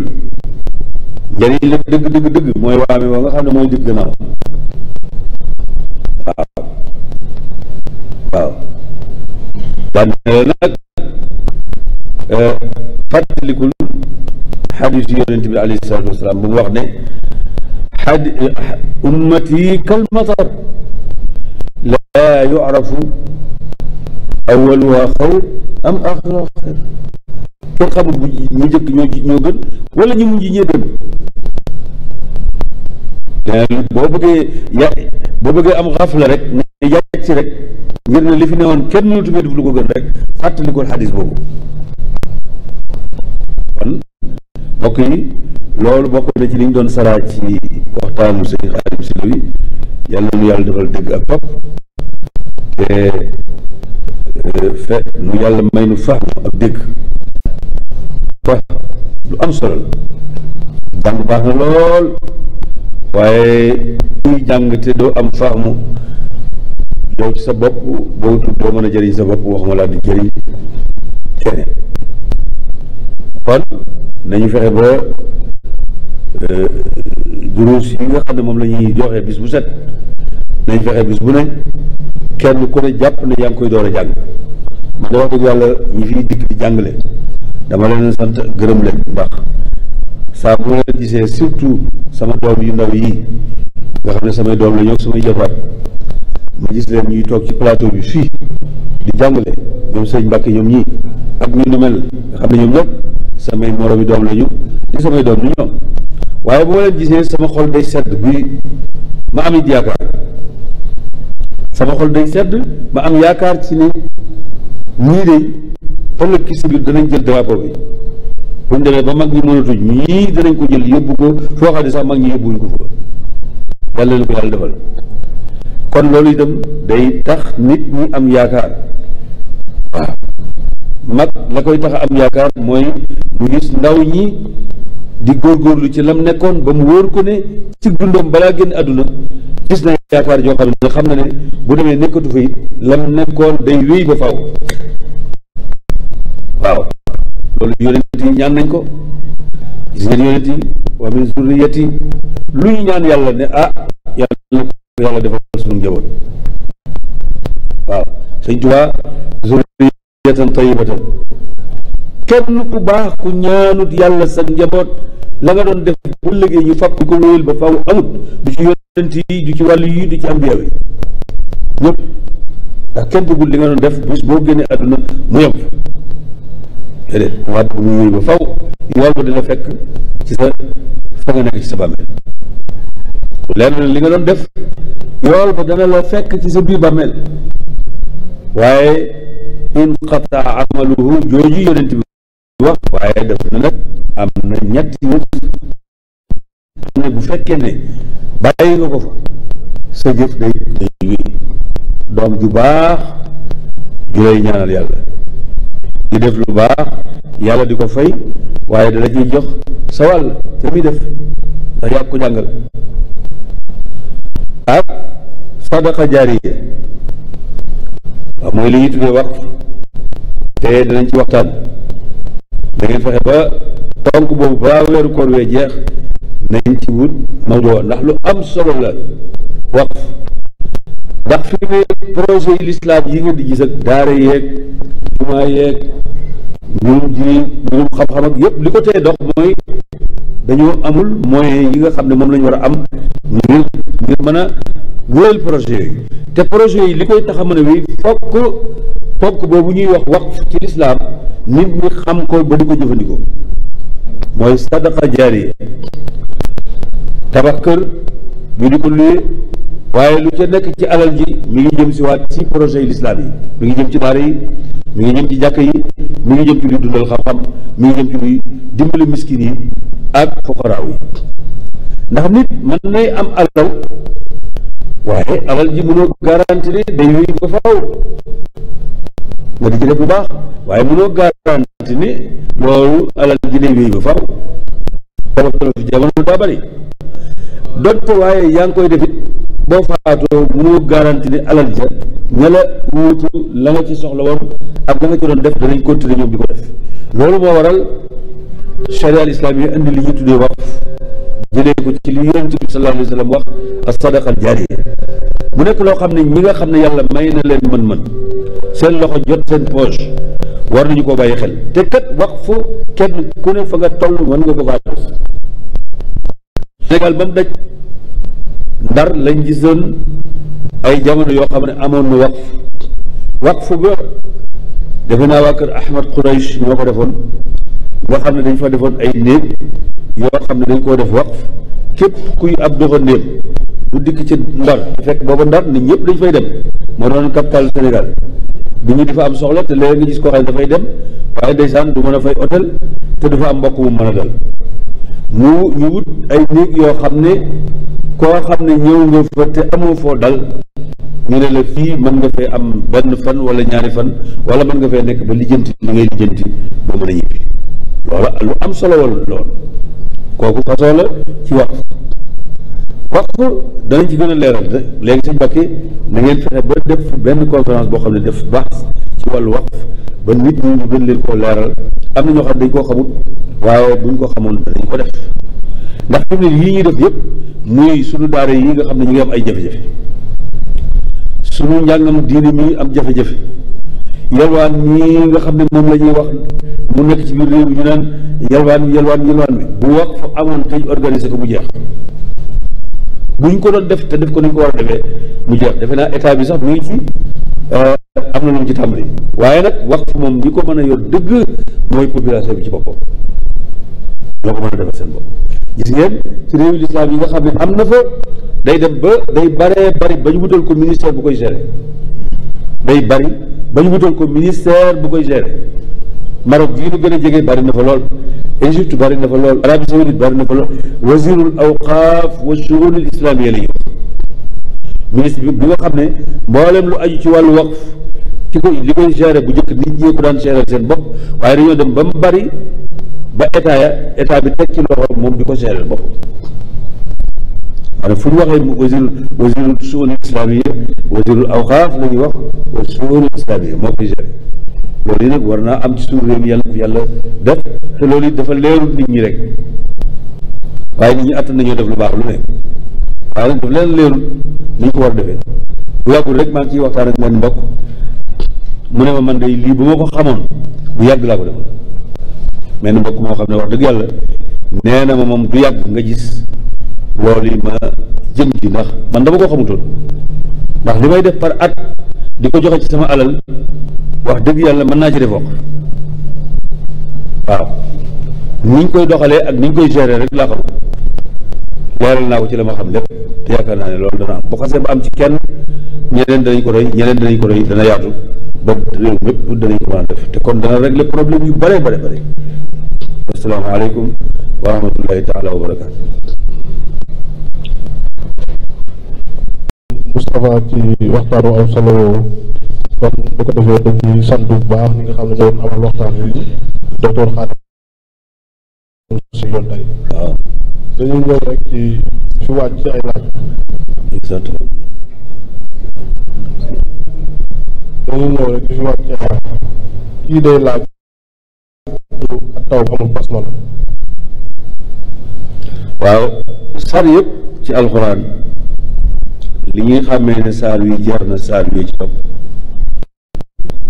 njariñ la dëgg dëgg mooy waame ba nga ne mooy jub gannaaw waaw waaw daan la nag euh, fàttalikul xadis yi yonent bi alayhi salaatu wasalaam bu mu wax ne xadi kal matar laa yurafu awaluha xaw am axira xayr kenn xamul bu ñu njëkk ñoo ñoo gën wala ñu mujj ñee gën boo bëggee ya boo bëggee am xafla rek ne yàgg ci rek ngir ne li fi ne woon kenn mënatu def lu ko gën rek fàttalikul xadis boobu kon mbokk yi loolu bokk na ci li liñ doon saraa ci waxtaanu sëñ Xaadim si luy yàlla nu yàlla defal dégg ak topp Euh, fe nu yàlla may nu fax ak dégg fax lu am solo la jàng baax na lool waaye kuy jàng te doo am fax mu ci sa bopp boo doo mën a jëriñ sa bopp ma laa di jëriñ keneen kon nañu fexe ba euh, duruus yi nga xam ne moom la ñuy joxe bis bu set nañ fexe bis bu ne kenn ku ne jàpp ne yaa ngi koy door a jàng man de wax dëgg yàlla ñi fiy dikk di jàngale dama leen sant gërëm leen baax saa bu ma leen gisee surtout sama doom yu ndaw yi nga xam ne samay doom la ñoo samay jabaat ma gis leen ñuy toog ci plateau bi fii di jàngale ñoom sëñ Mbàkke ñoom ñii ak ñu nu mel nga xam ne ñoom ñëpp samay moromi doom lañu di samay doom ni ñoom waaye bu ma leen gisee sama xol day sedd bi ma am it yaakaar sama xol day sedd ma am yaakaar ci ne ñii de ëllëg ci si biir danañ jël drapeau bi bu demee ba mag ñi mënatuñ ñii danañ ko jël yóbbu ko foo xam sax mag ñi yóbbuñ ko fa yàlla ko yàlla defal kon loolu itam day tax nit ñu am yaakaar waaw mag la koy tax am yaakaar mooy mu gis ndaw ñi di góor góorlu ci lam nekkoon ba mu wóor ko ne ci dundam balaa génn àdduna gis na yaakaar joo xam ne xam na ne bu demee nekkatu fa it lam nekkoon day wéy ba faw waaw loolu yonent yi ñaan nañ ko gis ngeen yonent yi wa min zurriyati lu ñu ñaan yàlla ne ah yàlla defal suñu njaboot waaw sëñ Tuubaa zurriyatan tayyibatan kenn ku baax ku ñaanut yàlla sa njaboot la nga doon def bu liggéey ñu fab ko wéyal ba faw amut du ci yonent du ci wàll yi du ci am biyaw yi ñëpp ndax kenn bëggul li nga doon def bis boo génnee àdduna mu yem déedéet dangaa dugg mu wéy ba faw yool ba dina fekk ci sa fa nga nekk ci sa bàmmeel leer li nga doon def yool ba dana la fekk ci sa biir bàmmeel waaye in qataa amaluhu jooju yonent bi wax waaye def na nag am na ñetti nit bu fekkee ne bàyyi nga ko fa sa jëf day day wéy doom ju baax ju lay ñaanal yàlla di def lu baax yàlla di ko fay waaye dala ciy jox sa wàll te muy def ndax yàgg ko jàngal ak sadaqa jaariya waaw mooy li ñuy tuddee wax te danañ ci waxtaan da ngeen fexe ba tonk boobu ba weeru koor wee jeex nañ ci wut mawdoo ndax lu am solo la waqf ndax fi mu ne projet yi lislaam yi nga di gis ak daara yeeg jumaa yeeg ñoom ji ñoom xam-xam ak yëpp li ko tee dox mooy dañoo amul moyen yi nga xam ne moom lañu war a am ngir mën a wéyal projet yooyu te projet yi li koy tax a mën a wéy fokk fokk boobu ñuy wax wax ci lislaam nit ñi xam ko ba di ko jëfandikoo mooy sadaqa jaariya tabax kër ñu di ko luye waaye lu ca nekk ci alal ji mi ngi jëm si waat ci projet yi lislaam yi mi ngi jëm ci daara yi mi ngi jëm ci jàkk yi mi ngi jëm ci luy dundal xam-xam mi ngi jëm ci luy dimbali miskin yi ak foqaraaw yi ndax nit mën nay am alal waaye alal ji mënoo garanti ne day wéy ba faaw nga di ci def bu baax waaye mënoo garanti ne loolu alal ji day wéy ba faaw sababtu na fi jamono daa bëri ko waaye yaa ngi koy defit boo faatoo moo garanti ni alal ja ña la la nga ci soxla woon ak la nga ci doon def danañ continuer ñoom di ko def loolu moo waral charia al islam yi indi li ñu tuddee waqf jëlee ko ci li yonent bi sallallahu alayhi wa sallam wax as-sadaqa al-jaariya mu nekk loo xam ne ñi nga xam ne yàlla may na leen mën-mën seen loxo jot seen poche war nañu koo bàyyi xel te kat wax fu kenn ku ne fa nga toll mën nga ko faa Sénégal ba mu daj ndar lañ gisoon ay jamono yoo xam ne amoon na waqf fu ba defe naa waa kër Ahmad Quraysh ñoo ko defoon nga xam ne dañ fa defoon ay néeg yoo xam ne dañ koo def waqf képp kuy ab doxandéem bu dikk ci ndar fekk booba ndar nit ñëpp dañ fay dem moo doon capital Sénégal bi ñu dafa am soxla te léegi nga gis koo xam ne dafay dem waaye ndeysaan du mën a fa hôtel te dafa am mbokk mu mën a dal ñu ñu wut ay néeg yoo xam ne koo xam ne ñëw nga fa te amoo foo dal ñu ne la fii mën nga fee am benn fan wala ñaari fan wala mën nga fee nekk ba lijjanti li ngay lijjanti loola lu am solo wala loolu kooku façon la ci wax wax danañ ci gën a leeral léegi sëñ Mbàkke na ngeen fexe ba def benn conférence boo xam ne def baax ci wàllu wax ba nit ñi ñu gën leen koo leeral am na ñoo xam dañ koo xamul waaye buñ ko xamoon danañ ko def ndax fi mu yii ñuy def yëpp muy suñu daara yi nga xam ne ñu ngi am ay jafe-jafe suñu njàngam diine mii am jafe-jafe yalwaan ñii nga xam ne moom la ñuy wax mu nekk ci biir réew ñu naan yalwaan yalwaan yalwaan bi bu wax fa amoon te ñu ko mu jeex bu ñu ko doon def te def ko nañ ko war a mu jeex defe naa état bi sax mu ngi ci euh, am na lu ci tàmbali waaye nag wax fa moom ñi ko mën a yor dëgg mooy population bi ci boppam ñoo ko mën a defal seen bopp gis ngeen ci réewu lislaam yi nga xam ne am na fa day dem ba day baree bari ba ñu wutal ko ministère bu koy gérer day bari ba ñu wutal ko ministère bu koy gérer Maroc gii nu gën a jege bari na fa lool Égypte bari na fa lool Arabie Saoudite bari na fa lool wasirul awqaaf wa shu'un al islamiyya la ministre bi bi nga xam ne mboolem lu aju ci wàllu waqf ci ko li koy gérer bu njëkk nit ñi ko daan gérer seen bopp waaye dañoo dem ba mu bari ba état ya bi teg ci loxo moom di ko gérer bopp maanaam fu ñu waxee wasiru wasiru suun islamiya wasiru awqaaf la ñuy wax wa suun islamiya moo koy géré war naa am ci suñu réew mi yàlla yàlla def te loolu it dafa nit ñi rek waaye nit ñi àttan nañoo def lu baax lu ne waaye nag daf leen leerul ni ñu ko war a defee bu yàggul rek maa ngi ciy waxtaan ak man mbokk mu ne ma man de lii bu ma ko xamoon bu yàgg laa ko defoon mais ni mbokk moo xam ne wax dëgg yàlla nee ma moom du yàgg nga gis loolu ma jëm ci ndax man dama ko xamutoon ndax li may def par at di ko joxe ci sama alal wax dëgg yàlla mën naa ci def waaw ni ñu koy doxalee ak niñ koy gérer rek laa xam leeral naa ko ci la ma xam lépp te yaakaar naa ne loolu dana am bu xasee ba am ci kenn ñeneen danañ ko roy ñeneen danañ ko roy dana yaatu ba réew mépp danañ ko mën def te kon dana régler problème yu bare bare bare asalaamaaleykum wa rahmatullahi taala wa barakaatu Moustapha ci waxtaan wu am solo bu ko defee sant bu baax ñi nga xam ne ñoo doon amal waxtaan bi docteur Khadim si yoon dañuy ñëw rek ci fi waaj ci ay laaj dañuy ñëw rek ci fi waaj ci ay laaj kii day laaj taw amul pasma waaw sar ci alxuraan li ñuy xàmmee ne saar wi jar na saal wi ci topp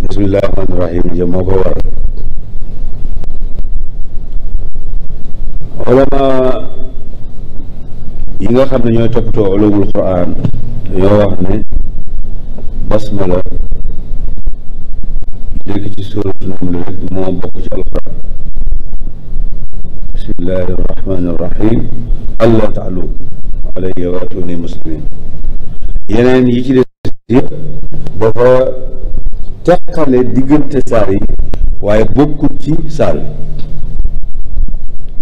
bismillah rahmaan rahim ko waral olama yi nga xam ne ñooy toppatoo ulumul quraan dañoo wax ne ci suuratu naml rek moo bokk ci alquraan bismillahi rahmaani rahim allah taalu alayya waatuni muslimin yeneen yi ci des yëpp dafa teqale diggante saar yi waaye bokkul ci saar bi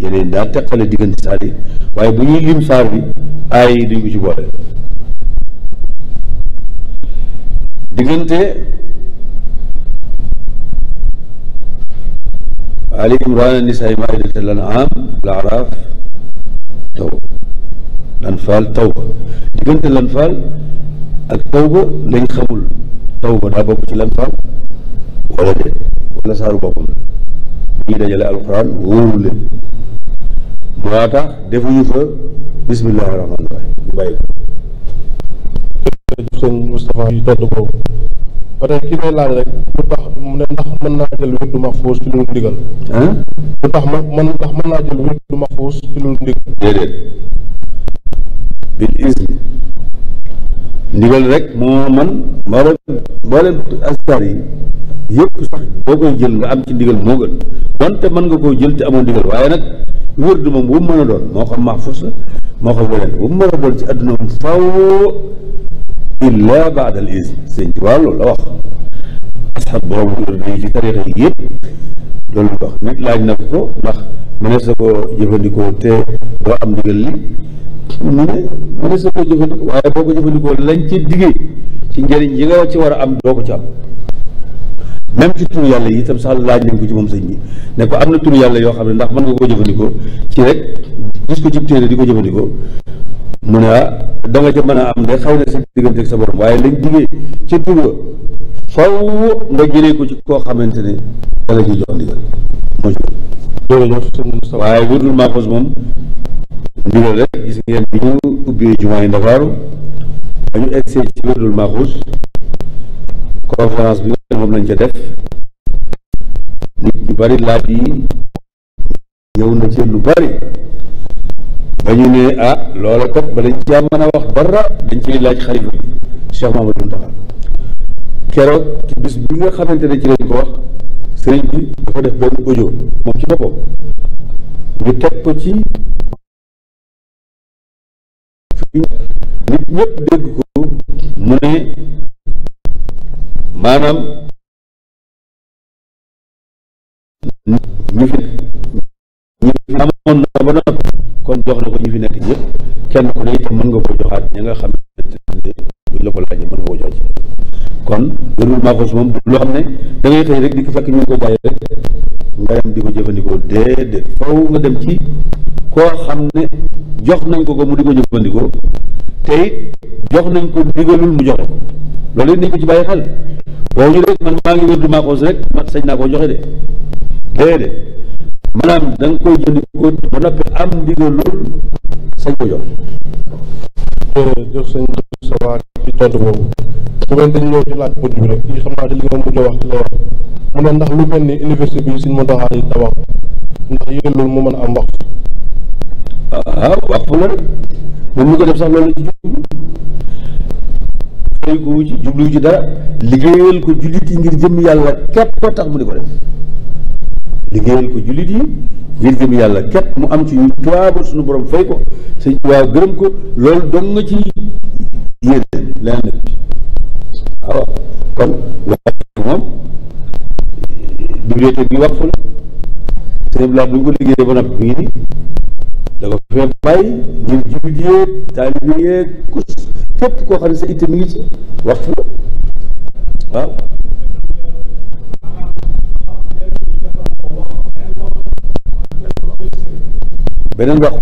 yeneen daa teqale diggante saar yi waaye bu ñuy lim saar bi aay yi duñ ko ci boole diggante Ali Imran Nisaa Maa'ida Al-An'aam Al-A'raaf Tawba lanfaal tawba diggante lanfaal ak tawba lañ xamul tawba daa bokk ci lanfaal wala de wala saaru boppam ñii dajale alquran wóoru leen maa tax defuñu fa bismillahi rek lu tax ndax mën naa jël wirdu maxfuus lu tax ma man ndax mën naa ci lu ndigal déedéet bil izni ndigal rek moo man mboolem mboolem asar yi yëpp sax boo koy jël nga am ci ndigal moo gën donte mën nga koo jël te amoo ndigal waaye nag wér du ma wu mu mën a doon moo xam mahfus la moo xam weneen wu mu mën a doon ci àdduna moom faw illa baada al izn sëñ Tuubaa loolu la wax asxab ci tarixa loolu la wax nag laaj na ko ndax mënees na ko jëfandikoo te doo am ndigal li mu ne mënees na koo jëfandikoo waaye boo ko jëfandikoo lañ ci diggee ci njariñ yi nga ci war a am doo ko ci am même ci turu yàlla yi itam sax laaj nañ ko ci moom sañ bi ne ko am na turu yàlla yoo xam ne ndax mën nga koo jëfandikoo ci rek gis ko ci téere di ko jëfandikoo mu ne ah da ca mën a am de xaw na si diggante ak sa borom waaye lañ diggee ca tuga faw nga jëlee ko ci koo xamante ne da la ci jox ndigal moo ci jërëjëf waaye bu dul maaxus moom jumaa yi Ndakaaru dañu egsee ci wérdul maaxus conférence bi nga moom lañ ca def nit ñu bari laaj yi ñëw na ci lu bari ba ñu ne ah loola kat ba dañ caa mën a wax dara dañ ciy laaj xalifa bi Cheikh Mamadou Mountakha keroog ci bis bi nga xamante ne ci lañ ko wax sëriñ bi dafa def benn audio moom ci boppam ñu teg ko ci nit ñëpp dégg ko mu ne maanaam ñu fi ñu am moom na ba noppi kon jox na ko ñu fi nekk yëpp kenn ku ne it mën nga koo joxaat ña nga xam ne buñ la ko laajee mën nga ko moom loo xam ne da xëy rek di ko fekk ñu ko bàyyi rek nga yam di ko jëfandikoo déedéet faw nga dem ci koo xam ne jox nañ ko ko mu di ko jëfandikoo te jox nañ ko digalul mu joxe ko loolu it nañ ko ci bàyyi xel waaw ñu rek man maa ngi wérul maaxuus rek man sañ naa koo joxe de déedéet maanaam da koy jënd ko ba noppi am ndigalul sañ ko jox. jërëjëf sëñ Moustapha ci tontu boobu su mel dañ ci laaj produit bi rek ci ci li lu mel ni université bi suñ mën loolu mu mën a am wax ah wax la moom ñu ko def sax loolu ci fay ko dara liggéeyal ko julliti ngir jëm yàlla képp tax mu di ko def liggéeyal ko jullit yi ngir gëm yàlla képp mu am ci ñu tuwaaba suñu boroom fay ko sëñ waaw gërëm ko loolu dong nga ci yéene leneen nag waaw kon waaw moom bibliothèque bi wàqfu la sëñ bi bu ñu ko liggéeyee ba noppi mi ngi da ko fee bàyyi jullit yéeg taalibe yéeg kus képp koo xam ne sa itte mi ngi la waaw beneen wax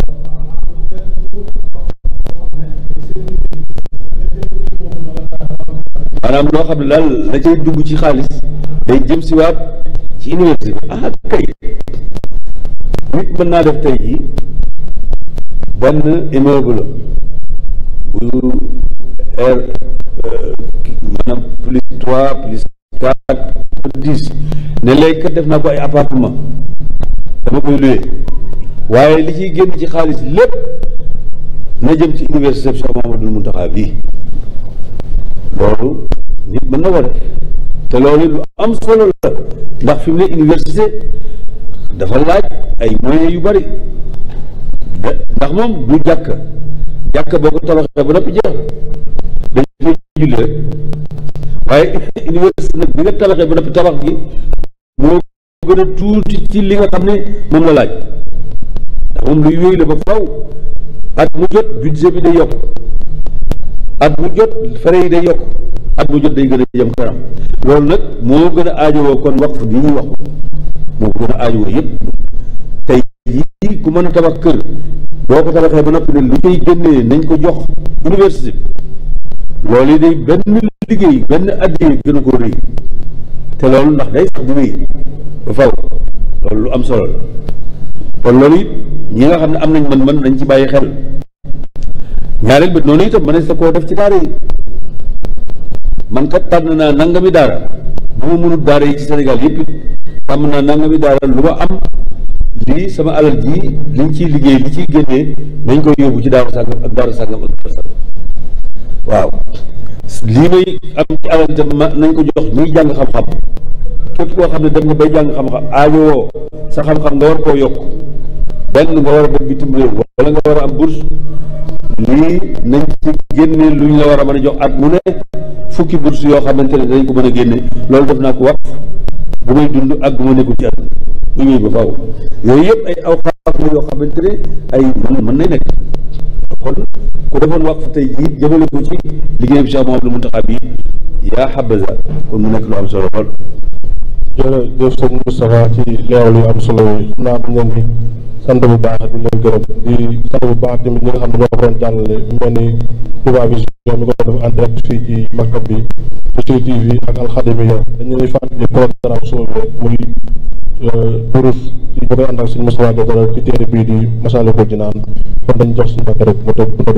maanaam loo xam ne daal la cay dugg ci xaalis day jëm si waat ci université ah kay nit mën naa def tey jii benn immeuble bu r er, euh, maanaam plus trois plus quatre plus dix ne léegi kat def naa ko ay appartement dama koy loué waaye li ciy génn ci xaalis lépp na jëm ci université bi Cheikh Mouhamadoul Mountakha bii loolu nit mën na ko def te loolu lu am solo la ndax fi mu ne université dafa laaj ay moyens yu bari ndax moom bu jàkk jàkk boo ko tabaxee ba noppi jeex dañ koy julli waaye université nag bi nga tabaxee ba noppi tabax gi moo gën a ci li nga xam ne moom la laaj ndax la ba faw at mu jot budget bi day at mu jot frais yi mu jot day gën a jëm loolu nag moo gën a aajowoo kon waqf bi ñuy wax moo gën a aajowoo yëpp tey jii ku mën a tabax kër boo ko tabaxee ba noppi ne lu koy génnee nañ ko jox université loolu yi day benn liggéey benn addiye gën a rëy te loolu ndax day sax di wéy ba faw loolu lu am solo kon loolu it ñi nga xam ne am nañ mën-mën nañ ci bàyyi xel ñaareel bët noonu itam mënees na koo def ci daara yi man kat tànn naa nangami daara bu ma mënut daara yi ci senegal yëpp it tàmm naa nangami daara lu ma am lii sama alal ji liñ ciy liggéey li ciy génnee dañ koy yóbbu ci daara sàngam ak daara sàngam ak daara sàngam waaw lii may am ci alal tam nañ ko jox ñuy jàng xam-xam képp koo xam ne dem nga bay jàng xam-xam aajowoo sa xam-xam nga war koo yokk benn nga war a dem bitim réew wala nga war a am bourse lii nañ ci génne luñ la war a mën a jox at mu ne fukki bourse yoo xamante ne dañ ko mën a génne loolu def naa ko wax bu muy dund ak bu ma nekkul ci at bu yooyu yëpp ay aw xaaf la yoo xamante ne ay mën mën nekk ku defoon waqf tey jii jëmale ko ci liggéeyam lu Mouhamadou Mountakha bi yaa xabaza kon mu nekk lu am solo lool. jërëjëf sëñ Moustapha ci leeral yu am solo yooyu naa dañ leen sant bu baax di leen gërëm di sant bu baax tamit ñi nga xam ne ñoo ko doon jàllale mel ni Touba Vision mi ko def en direct fii ci maktab bi Bichri TV ak Al Khadimiyyah dañu lay fàttali programme suba bi muy turus ci ba koy ànd ak suñu Moustapha Diakhaté ci téere bii di Masaalikul Jinaan kon dañ jox suñu Mbàkke rek mu tëb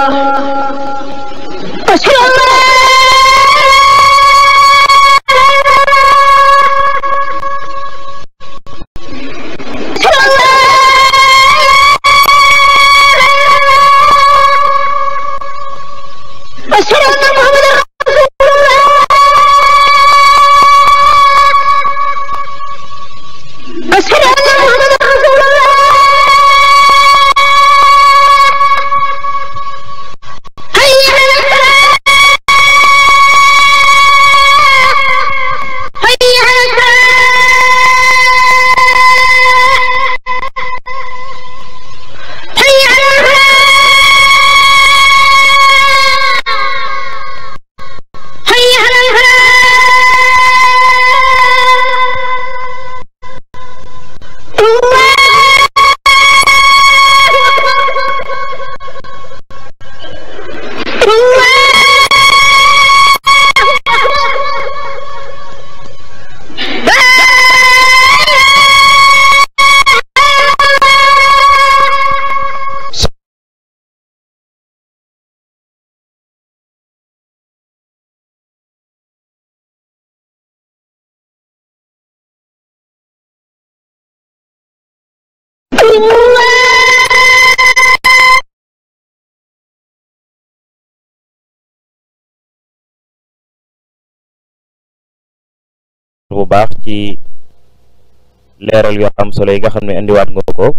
leeral yu am solo yi nga xam ne indiwaat nga ko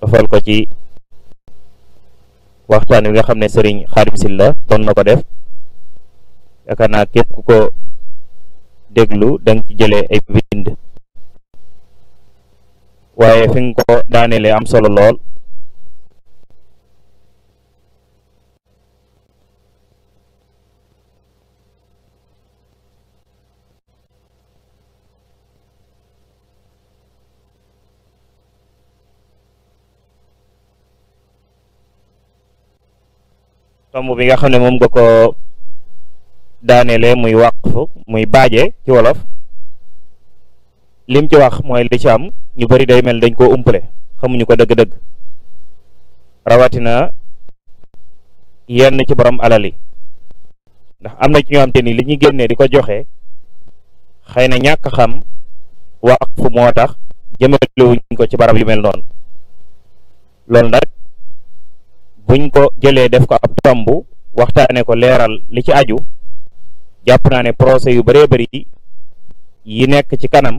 dofal ko ci waxtaan wi nga xam ne sëriñ Xaadim la doon na ko def yaakaar naa képp ku ko déglu danga ci jële ay bind waaye fi nga ko daaneele am solo lool tomb bi nga xam ne moom nga ko daaneele muy waqfu muy baaje ci wolof lim ci wax mooy li ci am ñu bari day mel dañ koo umpale xamuñu ko dëgg-dëgg rawatina yenn ci borom alal yi ndax am na ci ñoo xam te ni li ñuy génnee di ko joxe xëy na ñàkk xam waqfu moo tax jëmelewuñ ko ci barab yu mel noon loolu nag buñ ko jëlee def ko ab tomb waxtaane ko leeral li ci aju jàpp naa ne procès yu bëree bari yi nekk ci kanam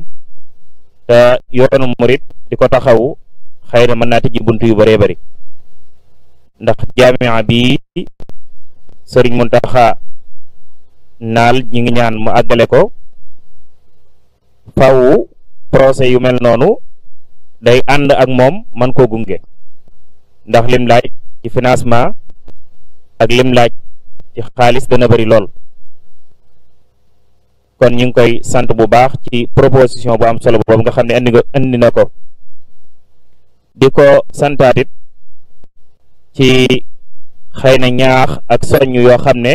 te yoonu murit di ko taxawu xëy na mën naa tijji bunt yu bëree bari ndax jaamia bi sëriñ Muntaxa naal ñi ngi ñaan mu àggale ko faw procès yu mel noonu day ànd ak moom man koo gunge ndax lim laaj ci financement ak lim laaj ci xaalis dana bari lool kon ñu ngi koy sant bu baax ci proposition bu am solo boobu nga xam ne indi indi na ko di ko santaatit ci xëy na ñaax ak soñ yoo xam ne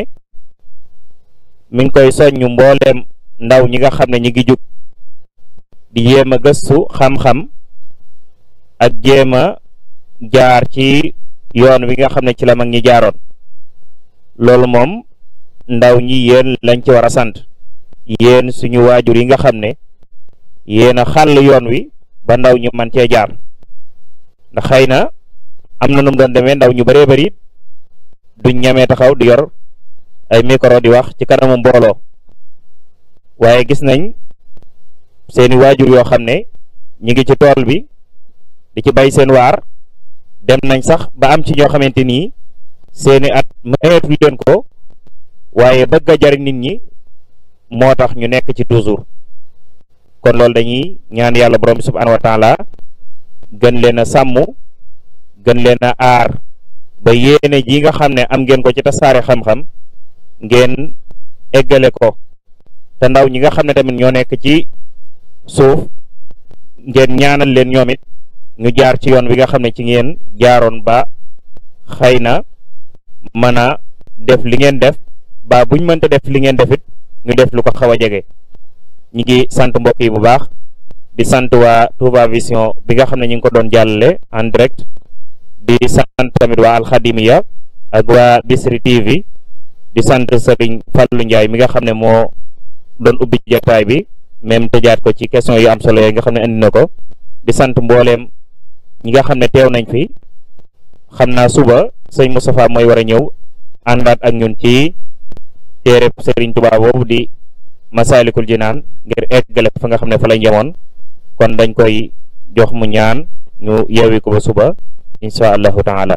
mi ngi koy soññ mbooleem ndaw ñi nga xam ne ñi ngi jug di jéem a gëstu xam-xam ak jéem a jaar ci yoon wi nga xam ne ci la mag ñi jaaroon loolu moom ndaw ñi yéen lañ ci war a sant yéen suñu waajur yi nga xam ne yéen a xàll yoon wi ba ndaw ñu man cee jaar ndax xëy na am na nu doon demee ndaw ñu bëree bëri duñ ñamee taxaw di yor ay micro di wax ci kanamu mbooloo waaye gis nañ seeni waajur yoo xam ne ñi ngi ci tool bi di ci bay seen waar dem nañ sax ba am ci ñoo xamante nii seeni at mayeetu leen ko waaye bëgg a nit ñi moo tax ñu nekk ci toujours kon loolu dañuy ñaan yàlla borom bi subhaanahu wa gën leen a sàmm gën leen a aar ba yéene ji nga xam ne am ngeen ko ci tasaare xam-xam ngeen eggale ko te ndaw ñi nga xam ne tamit ñoo nekk ci suuf ngeen ñaanal leen ñoom it ñu jaar ci yoon bi nga xam ne ci ngeen jaaroon ba xëy na mën a def li ngeen def ba buñ mënta def li ngeen defit ñu def lu ko xaw a jege ñu ngi sant mbokk yi bu baax di sant waa Touba Vision bi nga xam ne ñu ngi ko doon jàllale en direct di sant tamit waa Alxadimiya ak waa Bisri TV di sant Sëriñ Fàllu Njaay mi nga xam ne moo doon ubbi jataay bi même tëjaat ko ci question yu am solo yooyu nga xam ne indi na ko di sant mbooleem ñi nga xam ne teew nañ fi xam naa suba sëñ Moustapha mooy war a ñëw àndaat ak ñun ci téereb Sëriñ Tuubaa boobu di Masaalikul Jinaan ngir eggale fa nga xam ne fa lañ yemoon kon dañ koy jox mu ñaan ñu yeewi ko ba suba insha allahu taala